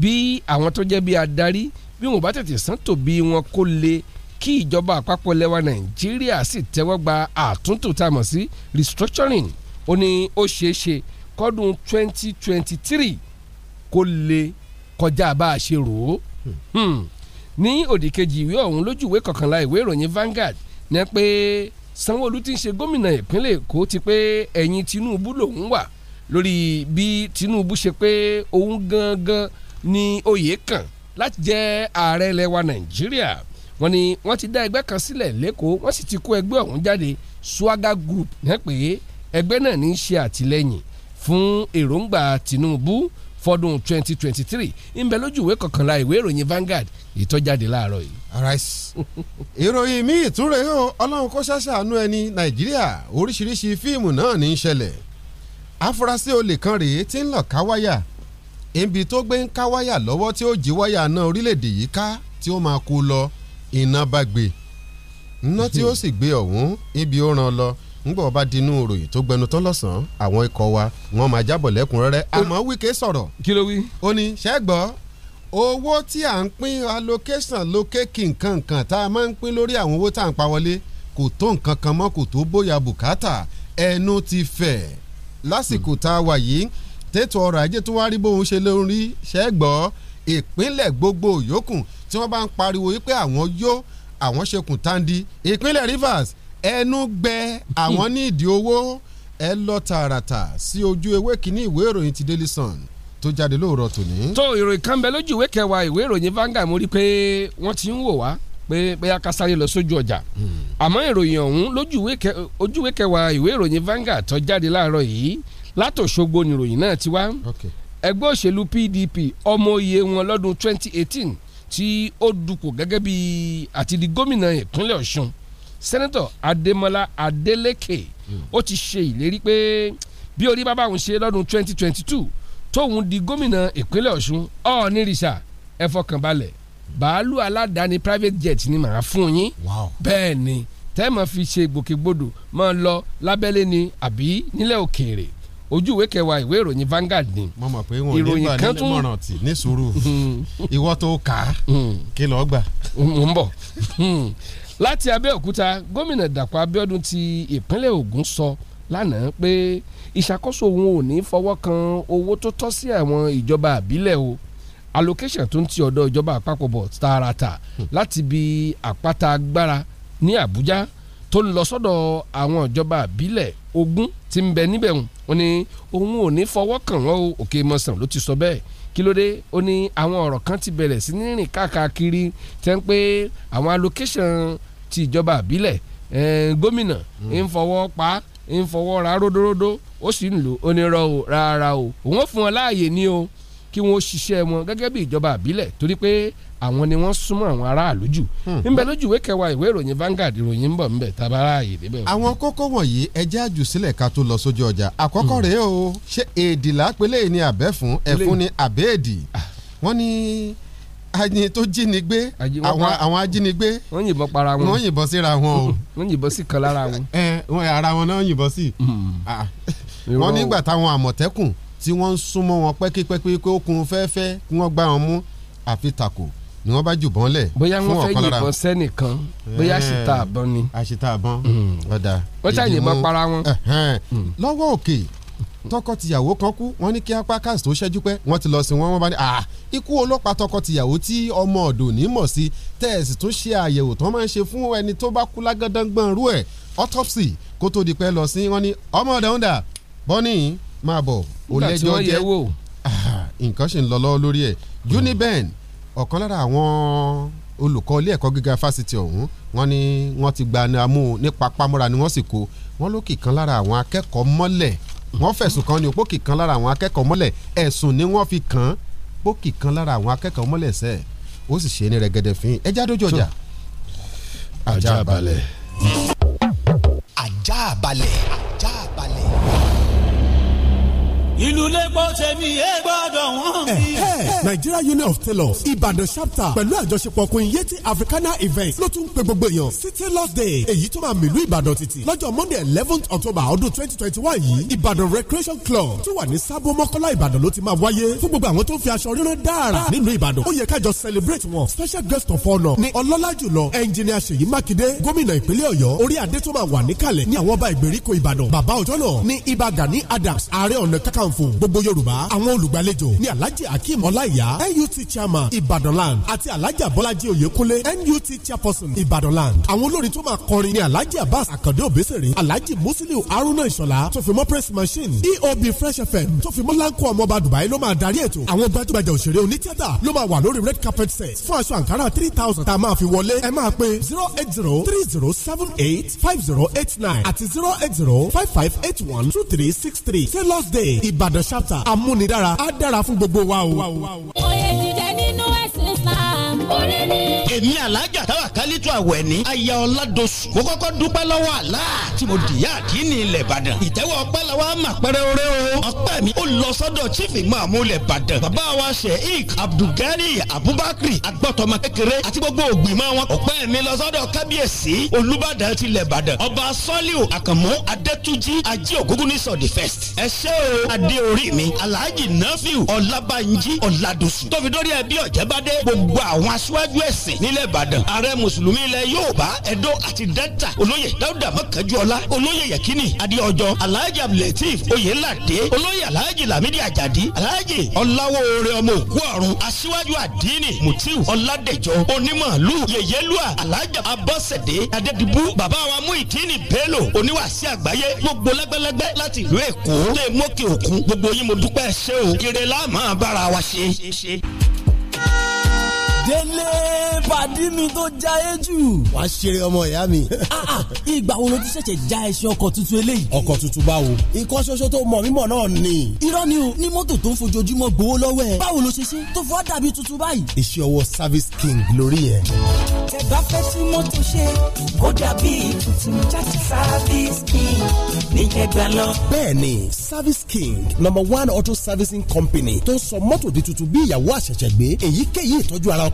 bí àwọn tó jẹ́ bí adarí bí wọn bá tètè sán tòbí wọn kó le kí ìjọba àpapọ̀ lẹ́wà nàìjíríà sì tẹ́wọ́ gba àtúntò tá a mọ̀ sí restructuring ó ní ó ṣeé ṣe kọ́dún 2023 kó le kọjá bá a ṣe rò ó. Hmm. ní òdì kejì ìwé ọ̀hún lójú ìwé kọkànlá ìwé ìròyìn Vanguard ní pé Sanwó-Olú tí ń ṣe gómìnà ìpínlẹ̀ Èkó ti pé ẹ̀yìn Tinubu lòún wà lórí bí Tinubu ṣe pé òun gangan ni oyè kàn láti jẹ ààrẹ ilẹ̀ wa Nàìjíríà wọ́n ní wọ́n ti dá ẹgbẹ́ kan sílẹ̀ lẹ́kọ̀ọ́ wọ́n sì ti kó ẹgbẹ́ ọ̀hún jáde Swaga Group náà pé ẹgbẹ́ náà ní í ṣe àtìlẹ́yìn fún èròǹgbà Tinubu fọdún 2023 ńbẹ lójú ìwé kọkànlá ìwé ìròyìn Vanguard ìtọ́jáde láàárọ̀ yìí. Arise, ìròyìn mi ìtúrẹ́ ọlọ́run kó ṣàṣàánú ẹni Nàìjíríà oríṣiríṣi fíìmù náà ní í ṣẹlẹ̀ afurasí olè kan rèé tí ń lọ ká wáyà ibi tó gbé ń ká wáyà lọ́wọ́ tí ó jí wáyà náà orílẹ̀-èdè yìí ká tí ó máa kú lọ iná bá gbé iná tí ó sì gbé ọ̀hún ibi ó ràn lọ ngbọ̀ bá dinú ròyìn tó gbẹnu tán lọ́sàn-án àwọn ikọ̀ wa wọn máa jábọ̀ lẹ́kùnrẹ́rẹ́ àmọ́ Wike sọ̀rọ̀ kí ló wí. ó ní ṣẹ́gbọ́ owó tí à ń pín allocation lókèkì nǹkan nǹkan tá a máa ń pín lórí àwọn owó tá à ń pa wọlé kò tó nǹkan kan mọ́ kò tó bóyá bùkátà ẹnu ti fẹ̀ lásìkò tá a wà yìí tètò ọrọ̀ ajé tó wá rí bóun ṣe lórí ṣẹ́gbọ́ ìpínlẹ̀ gbogbo yòókù tí wọ́n bá ń pariwo wípé àwọn yó àwọn ṣekùn tandi ìpínlẹ̀ Rivers ẹnu gbẹ àwọn ní ìdí owó ẹ lọ tààràtà sí ojú ewé kínní ìwé ìròyìn ti Daily Sun tó jáde lóòrọ̀ tòní. tó ìròyìn kan bẹ lójú ìwé kẹwàá ìwé ìròyìn Vanguard mo rí i pé wọ́n ti ń wò wá pé bóyá ká sáré lọ sójú ọjà àmọ́ ìròyìn ọ̀hún lójúwé kẹwàá ìwé ìròyìn vanga tó jáde láàárọ̀ yìí látòṣogbo nìròyìn náà ti wá ẹgbẹ́ òṣèlú PDP ọmọ oyè wọn lọ́dún 2018 tí ó dupò gẹ́gẹ́ bí àti di gómìnà ìpínlẹ̀ Ọ̀ṣun sẹ́nẹ́tọ̀ Adémọ́lá Adélékè ó ti ṣe ìlérí pé bí orí bàbá òun ṣe lọ́dún 2022 tóun di gómìnà ìpínlẹ̀ Ọ̀ṣun ọ̀ọ́nìrìṣà ẹ bàálù aládàáni private jet ni màá fún yín bẹ́ẹ̀ ni tẹ́ mọ̀ fi ṣe gbòkègbodò máa lọ lábẹ́lé ni àbí nílẹ̀ òkèèrè ojú ìwé kẹwàá ìwé ìròyìn Vanguard ni. mo mọ̀ pé wọn ò ní gbà nímọ̀ràn tì ní sùúrù hmm. ìwọ tó kà á hmm. kí lọ́ọ́ gbà. mo ń bọ̀ hmm. láti Abẹ́òkúta gómìnà Dàpọ̀ Abíọ́dún ti ìpínlẹ̀ Ògùn sọ lánàá pé ìṣàkóso òun ò ní fọwọ́ kan owó tó tọ́ sí àwọn ìjọba àbílẹ̀ o allocation tó ń ti ọ̀dọ̀ ìjọba àpapọ̀ bọ̀ tààràtà hmm. láti bi àpáta agbára ní Àbújá tó ń lọ sọ́dọ̀ àwọn ìjọba àbílẹ̀ ogún tí ń bẹ níbẹ̀ wọn ni òun ò ní fọwọ́ kàn wọ́n o Òkè Mọ̀sán ló ti sọ bẹ́ẹ̀ kí ló dé ó ní àwọn ọ̀rọ̀ kan ti bẹ̀rẹ̀ sí ní rìn káàkiri tẹ́ ń pé àwọn allocation ti ìjọba àbílẹ̀ eh, gómìnà hmm. ń fọwọ́ pa á ń fọwọ́ ra ródóródó ó sì ń lò ó ní rọ rárá o òun ó fún ọ láàyè ní o kí wọ́n ṣiṣẹ́ wọn gẹ́gẹ́ bí ìjọba àbílẹ̀ torí pé àwọn ni wọ́n súnmọ́ àwọn aráàlú jù hmm. ńbẹ lójú ìwé kẹwàá ìwé ìròyìn Vanguard ìròyìn ń bọ̀ ńbẹ tàbá ráàyè débẹ̀. àwọn kókó wọ̀nyí ẹjẹ́ àjùsílẹ̀ ká tó lọ sójú ọjà àkọ́kọ́ hmm. rèé o ṣé èdè lápẹ́lẹ́ ni àbẹ́fún ẹ̀fún ni àbẹ́ẹ̀dì ah. wọ́n ní ayin tó jínigbé àwọn ajínigbé wọ́n yìnbọn para wọn wọ́n yìnbọn síra wọn o wọ́n yìnbọn sí kan lára wọn. ẹ eh, ara wọn náà yìnbọn sí. Hmm. Ah. wọ́n nígbà táwọn àmọ̀tẹ́kùn tí wọ́n ń súnmọ́ wọn pẹ́kípẹ́kí pé ó kun fẹ́ẹ́fẹ́ kí wọ́n gbá wọn mú àfi tàkò ni wọ́n bá jùbọ́n lẹ̀ fún ọ̀kan lára. bóyá wọ́n fẹ́ yìnbọn sẹ́nìkan bóyá àṣìta àbọn ni. Eh, àṣìta àbọn hmm. ọ̀dà. wọ́n ṣàyìnbọn para wọn. Hmm. lọ́wọ́ òkè tọkọtìyàwó kan kú wọ́n ní kí apákàs tó ṣẹ́jú pẹ́ wọ́n ti lọ sí wọn wọ́n bá ní à ah, ikú ọlọ́pàá tọkọtìyàwó tí ọmọ ọ̀dọ̀ ní mọ̀ sí tẹ́ẹ̀sì tó ṣe àyẹ̀wò tó máa ń ṣe fún ẹni tó bá kú lágàdàngbọ̀n rú ẹ̀ autopsy kó tó di pẹ́ lọ sí wọ́n ní ọmọ ọ̀dọ̀ ń dà máa bọ̀ ó lẹ́jọ́ jẹ́ nǹkan ṣì ń lọ lọ́wọ́ lórí ẹ̀ Juniben ọ̀kan lára àwọn olùkọ́ ilé ẹ̀kọ́ gíga fásitì ọ̀hún wọ́n ní wọ́n ti gba amú nípa pamọ́ra ni wọ́n sì kó wọ́n ló kì kan lára àwọn akẹ́kọ̀ọ́ mọ́lẹ̀ wọ́n fẹ̀sùn kan ní òpó kì kan lára àwọn akẹ́kọ̀ọ́ mọ́lẹ̀ ẹ̀sùn ni wọ́n fi kàn án pó kì kan lára àwọn akẹ́kọ̀ọ́ mọ́lẹ̀ sẹ́ẹ̀ ó sì ṣe ní rẹ̀gẹ̀dẹ̀ fín ẹjá dójú ọjà. ajá balẹ̀. ajá balẹ̀. ajá balẹ̀ ìlú lẹ́gbọ́ tẹ̀mí ẹ gbọ́dọ̀ wọ́n mi. Eh, eh, Nigeria Union of Tailors Ìbàdàn chapter pẹ̀lú àjọṣepọ̀ Queen Yeti Africana event ló tún pe gbogbo èèyàn sí Tailors Day èyí tó máa mìlú Ìbàdàn títì lọ́jọ́ Monday eleventh October ọdún twenty twenty one yìí Ìbàdàn Recreation Club tó wà ní Sábó Mọ́kọ́lá Ìbàdàn ló ti máa wáyé fún gbogbo àwọn tó ń fi aṣọ rírán dára nílùú Ìbàdàn ó yẹ kájọ celebrate wọn special guest of honour ni ọlọ́lá jùlọ engineer Ṣèyí Mákindé gómìnà ìpínlẹ̀ Ọ̀yọ́ orí adé tó máa wà níkàlẹ̀ ní àwọn ọba ìgbèríko Ìbàdàn bàbá òjọ́nà ní Ìbà Gani Adams ààrẹ ọ̀nà kaka kànfò gbogbo yorùbá àwọn olùgbàlejò ní alhaji akeem ọláìyá nut chairman ibadanland àti alhaji abọ́lájí oyèkúnlé nut chairperson ibadanland àwọn olórin tó máa kọrin ní alhaji abbas akande obesere alhaji musiliu haruna isola tó fi mọ́ press machine eob fresh fm tó fi mọ́ lanko ọmọọba dubai ló máa darí ètò àwọn gbajúgbajà òṣèré onítìátà ló máa wà lórí red carpet set fún aṣọ àǹkárá three thousand tá a máa fi wọlé ẹ máa pe zero eight zero three zero seven eight five zero eight nine àti zero eight zero five five eight one two three six three taylor's day Ìbàdàn ṣáptà amúnidára á dára fún gbogbo wa o. Oyè jíjẹ nínú ẹ̀sìn Islam, orí ni èmi alájà Tawakalitu Àwẹ̀ní aya ọ̀làdọ̀sù mo kọ́kọ́ dúpẹ́ lọ́wọ́ àlá tí mo dìyà àdí ní ilẹ̀ Ìbàdàn ìtẹ́wọ́ ọpẹ́ làwọn àmà pẹ́rẹ́ oré o ọpẹ́ mi ó lọ sọ́dọ̀ chief imaamu ilẹ̀ Ìbàdàn bàbá wa Sheikh Abdulgani Abubakar agbọ́tọ̀mọ kékeré àti gbogbo ògbìmọ̀ wọn ọpẹ́ mi lọ sọ́dọ̀ kábíyèsí Olúbàdàn ti ilẹ̀ Ìbàdàn ọba Sọ́líù Àkànmú Adétúnjì Ajé Ògúngúnnísọ̀ the first ẹ ṣé o adé orí mi Alhaji Nafiu Ọlábánjí Ọ̀làdọ̀sù nílẹ̀ ìbàdàn ààrẹ mùsùlùmí ilẹ̀ yorùbá ẹ̀dó àti delta olóyè dáúdà mọ́kànjúọ́lá olóyè yakini adéọjọ́ alhaji abdulateef oyelade olóyè alhaji lamidi ajadi alhaji ọláwóore ọmọ òkú ọ̀run aṣíwájú àdínì mutiu ọládẹjọ onímọ̀lú yèyélúà alhaji abọ́sẹ̀dé adédìbú bàbá wa muidini bello oníwàásí àgbáyé gbogbo lẹ́gbẹ́lẹ́gbẹ́ láti ìlú èkó lè mókè òkun gbogbo yín mo dúpẹ́ ṣé o ire láàmú àbára wa ṣe délé pàdí mi tó já e jù. wà á ṣeré ọmọ ìyá mi. Ah, ah, ìgbà wo ló ti ṣẹ̀ṣẹ̀ já ẹṣin ọkọ̀ tuntun eléyìí. ọkọ̀ tuntun báwo. ikọ́ ṣoṣo tó mọ̀ mímọ̀ náà ni. irọ́ ni o ní mọ́tò tó ń fojoojúmọ́ gbowó lọ́wọ́ ẹ̀. báwo ló ṣe ṣe tó fọ́ dàbí tuntun báyìí. iṣẹ́ ọwọ́ service king lórí yẹn. tẹ bá fẹ́ tí mọ́tò ṣe kó dàbí tuntun service king number one auto servicing company tó ń sọ mọ́tò di tuntun bí ìyàwó àṣẹ̀ṣẹ̀ èyíkéyìí ìtọ́jú ara ọk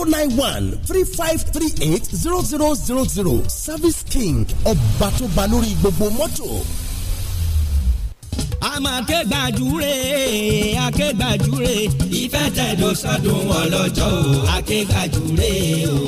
zero nine one three five three eight zero zero zero zero service king ọba tó ba lórí gbogbo mọ́tò akégbàjúre akégbàjúre ìfẹ́ tẹ̀dọ̀ sọ́dún ọlọ́jọ́ o akégbàjúre o.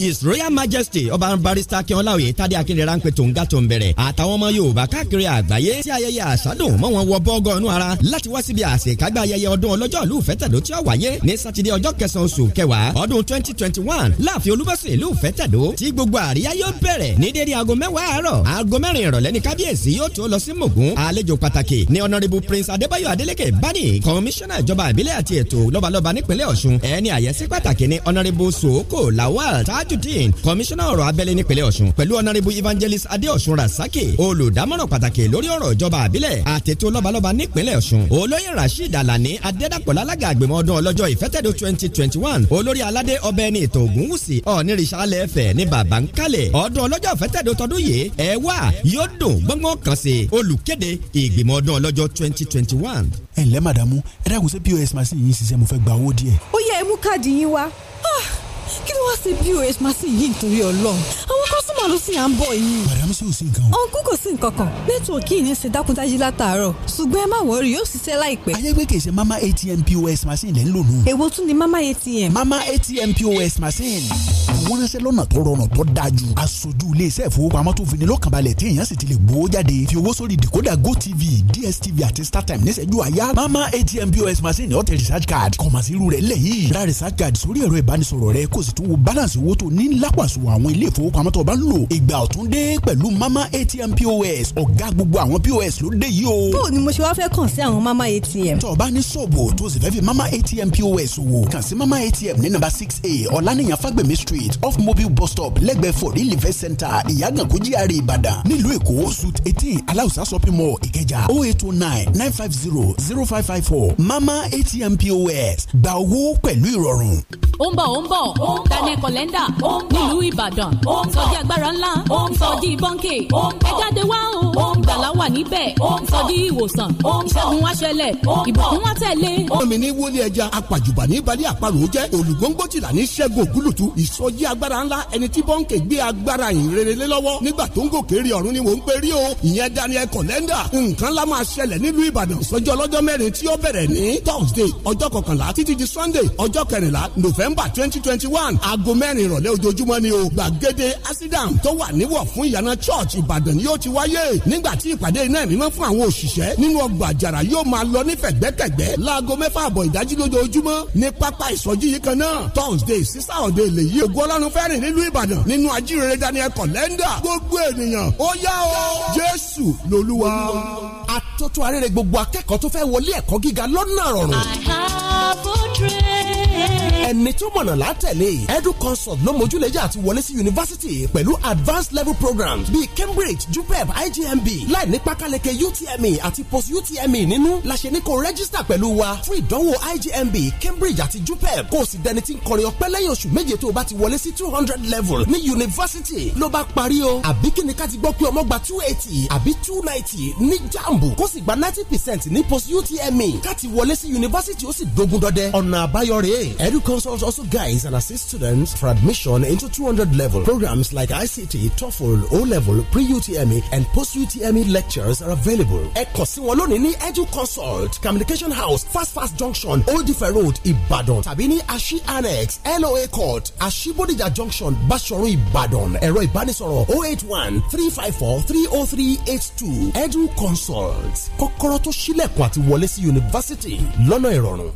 His Royal Majesty ọba barista akínọlá òye tádé akínrere ránpẹ́ tó ń gàtò ń bẹ̀rẹ̀ àtàwọn ọmọ Yorùbá káàkiri àgbáyé tí ayẹyẹ àṣàdùn mọ́ wọn wọ bọ́gọ́ inú ara láti wá síbi àṣekágbá ayẹyẹ ọdún ọlọ́jọ́ ìlú ìfẹ́tẹ̀dọ̀ tí ó wáyé ní sátidé ọjọ́ kẹsàn-án oṣù kẹwàá ọdún twenty twenty one láàfin olúbọ̀sẹ̀ ìlú ìfẹ́tẹ̀dọ̀ tí gbogbo àríyá yóò bẹ̀rẹ̀ ní dédé aago mẹ́wàá àárọ̀ aago mẹ́rin ni kábíyèsí yóò tó lọ sí mògún àlejò pàtàkì ní prince adébáyọ̀ adélèké Bani kọmíṣánná ìjọba ìbílẹ̀ àti ètò lọ́balọ́ba nípínlẹ̀ ọ̀ṣun ẹni àyẹ́sí pàtàkì ní honourable sooko lawal tajudeen kọmíṣánná ọ̀rọ̀ abẹ́lé nípínlẹ̀ ọ̀ṣun pẹ̀lú honourable evangelist adéọ̀ṣun rasaki olùdámọ̀ràn pàtàkì lórí ọ̀rọ̀ ìjọba ìbílẹ̀ àtètò lọ́balọ́ba nípínlẹ̀ ọ̀ṣun olóyè rasheed alani adédàpọ̀ lálága àgbèmọ̀ ọdún ọlọ́jọ́ ìfẹ́tẹ̀dọ̀ twenty twenty one olórí aládé ọbẹ̀ ní ètò ògúnwùsì ọ̀nìrìṣàlẹ̀ ẹ̀fẹ̀ ní bàbá ń kalẹ̀ ọdún ọlọ́jọ́ ìfẹ́tẹ̀dọ̀ tọdún yìí ẹ wá yóò dùn gbọ́ngbọ́n kan sí lọ́jọ́ twenty twenty one. ẹ ǹlẹ́ màdàmú ẹ dákun sí pọ́s machine yìí ṣiṣẹ́ mo fẹ́ gba owó díẹ̀. ó yẹ ẹ káàdì yín wá. Ah! kí ló wá ṣe pos machine yìí nítorí ọlọ́run àwọn kọ́sùmọ̀ ló sì à ń bọ̀ yìí. bàdàmú sí ò sí nǹkan o. ọ̀nkú kò sí nǹkan kan nẹ́tíwọ̀kì yìí ń ṣe dákúndájí látàárọ̀ ṣùgbọ́n ẹ má wọrí yóò ṣiṣẹ́ láìpẹ́. ayégbé kì í ṣe mama atm pos machine lẹ́ ń lò nù. èwo tún ni mama atm. mama atm pos machine. àwọn ránṣẹ́ lọ́nà tó rọrùn tó dájú. aṣojú iléeṣẹ́ ìfowópamọ́ tó fini lọ́kànbalẹ̀ tí èèyàn sì ti lè gbowó jáde fi owó sórí decoder gotv dstv àti startime níṣẹ́jú àyà mama atm pos machine ọ̀tẹ̀ research card kọ̀mọ̀sí irú rẹ̀ lẹ́yìn ra research card sórí ẹ̀rọ ìbánisọ̀rọ̀ rẹ kó kò wo balance owó tó ní lápàṣù àwọn ilé ìfowópamọ́ tó bá ń lò ìgbà ọ̀tún dé pẹ̀lú mama atm pos ọ̀gá gbogbo àwọn pos ló dé yìí o. bó o ni mo ṣe wá fẹ́ kàn sí àwọn mama atm. tó bá ní ṣòbò tó sì fẹ́ fi mama atm pos wò kàn sí mama atm ní nàmbà six a ọ̀lànìyàn fagbemi street off mobile bus stop lẹ́gbẹ̀ẹ́ for real event center ìyàgànkó GRA e ìbàdàn nílùú èkó suit eighteen aláùsá shopping mall ìkẹjà oh eight oh nine nine five zero zero five five four mama atm pos gba owó pẹ̀lú ìrọ̀rùn. ó ń bọ̀ ó ń bọ̀ ó Daniel Kolenda nílùú Ìbàdàn sọjí agbára ńlá sọjí bọ́ńkè ẹ jáde wá o gbàlá wà níbẹ̀ sọjí ìwòsàn ṣẹ́gun wá ṣẹlẹ̀ ìbùkún wá tẹ̀lé. omi ní wọlé ẹja apàjùbà ní balẹ̀ àparò jẹ́ olùgbòǹgbò tìlà ní ṣẹ́gun ògúlùtù ìsọjí agbára ńlá ẹni tí bọ́ńkè gbé agbára ìrere lọ́wọ́ nígbà tó ń gòkè rí ọ̀run ni mò ń pè o ìyẹn Daniel Kolenda nǹkan lá máa ṣẹlẹ̀ nílùú Ìbàdàn sọjọ́ ọlọ́jọ́ mẹ́rin tí ó bẹ̀rẹ̀ ní Thursday ọjọ́ kọkànlá títí di Sunday ọjọ́ kẹrìnlá November twenty twenty one aago mẹ́rin ìrọ̀lẹ́ ojoojúmọ́ ni o gbàgede asidam tó wà níwọ̀ fún ìyànà church ìbàdàn yóò ti wáyé nígbà tí ìpàdé iná ìmímọ́ fún àwọn òṣìṣẹ́ nínú ọgbà àjàrà yóò máa lọ ní fẹ̀gbẹ́kẹ̀gbẹ́ láago mẹ́fà àbọ̀ ìdájí lójoojúmọ́ ní pápá ìsọjí yìí kan náà thursday sísá ọ̀dẹ èlé yìí ògo ọlọ́run fẹ́rìn nílùú ìbàdàn nínú ajírere daniel kọ̀lẹ́ndà gbogbo ènìyàn ó yá o jésù lolúwa. atótó arére gbogbo akẹ́kọ̀ọ́ tó fẹ́ wọlé ẹ̀kọ́ gíga lọ́nà rọrùn. I have a dream ẹni tó mọ̀nà látẹ̀lé edu consult ló mójúlẹ̀jà àti wọlé sí yunifásitì pẹ̀lú advanced level programs bíi cambridge jupeb igmb láì ní pákáleke utme àti post utme nínú la ṣe ní kó rẹ́gísítà pẹ̀lú wa fún ìdánwò igmb cambridge àti jupeb kó o sì dẹni tí ń kọrin ọpẹ́ lẹ́yìn oṣù méje tó o bá ti wọlé sí two hundred level ní yunifásitì ló bá parí o àbí kí ni ká ti gbọ́ pé ọmọ gba two eighty àbí two ninety ní jambu kó sì gba ninety percent ní post utme ká ti wọlé sí yunifásitì ó sì dogun dọdẹ ọ̀nà àbáyọ rèé edu consult sponsors also guides and assists students for admission into 200 level. Programs like ICT, TOEFL, O level, pre UTME, and post UTME lectures are available. Ẹ kàn sí Edu Consult, Communication House, Fast Fast Junction, Old Ife Road, Ìbàdàn, tàbí ní Ashi Annex, LOA Court, Ashibodija Junction, Basoro, Ìbàdàn. Ẹ̀rọ ìbánisọ̀rọ̀ 081 354 30382. Edu Consult. Kokoroto Shilekwati ṣílẹ̀kùn University. Lono Erono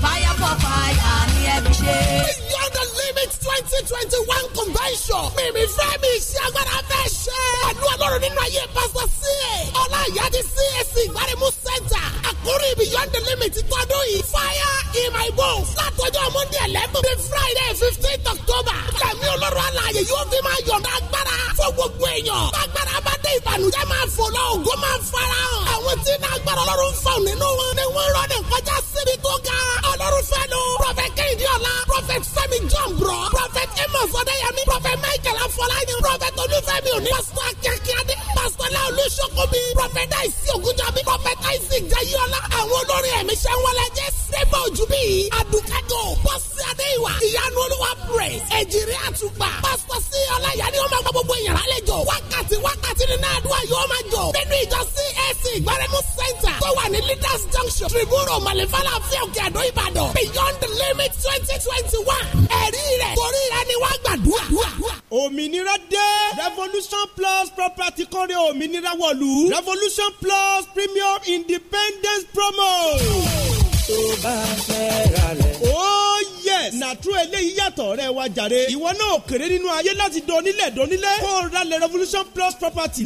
fire for fire ni ẹ fi ṣe. beyond the limit twenty twenty one convention mímí fẹ́ mi ṣe agbára fẹ́ ṣe. pẹ̀lú ọlọ́run nínú ayé pásítọ̀ sí ẹ̀ ọláìyá di CAC ìgbàrimú center àkórí beyond the limit tọdún yìí fire in my bones látọjọ́ monday eleven the friday fifteen october lẹ́mí ọlọ́run alààyè yóò fi máa yọ̀ǹda agbára fún gbogbo èèyàn agbára bá dé ìbànújẹ́ máa fò lọ ògo máa fara hàn àwọn tí náà agbára ọlọ́run fọ̀ nínú wọn ni wọ́n rọ́ ní kọjá síbi tó ga ọlọ́run fẹ́ prophet kẹ́hìndé ọ̀la prophet fẹ́mi john bro prophet amos ọ̀dẹ́yẹmí prophet michael afọláyàn prophet olúfẹ́mi òní. pásítọ̀ akíákíá dé pásítọ́lá olùsókòmí prọfẹ̀tà ìsì ògúnjọbí prọfẹ̀tà ìsì jayọ́lá àwọn olórin ẹ̀mí sẹ́wọ́lẹ̀ jẹ́ sẹ́fọ̀ òjúbí àdùkájọ bọ́sí adéwà ìyanu olúwa praise ẹ̀jìrì àtùpà pásítọ̀ sí ọláyà ni wọ́n máa gbọ́ gbogbo èèyàn lálejò wákàtí wákàtí nínú àdúrà yóò máa jọ nínú ìjọ CAC ìgbárẹ́mú center tó wà ní leaders junction tribune malefala fíọ̀kì àdó ìbàdàn beyond limit twenty twenty one ẹ̀rí rẹ̀ torí rẹ̀ ni gbàdúrà. òmìnira dé revolution plus property kan lóore òmìnira wọ̀lú revolution plus premium independence promo. tó bá fẹ́ ra lẹ̀. Oh, yes na true eléyìí yàtọ̀ rẹ̀ wá jàre. ìwọ náà kéré nínú ayé láti dónílẹ̀ dónílẹ̀ kó o ra lẹ̀ revolution plus property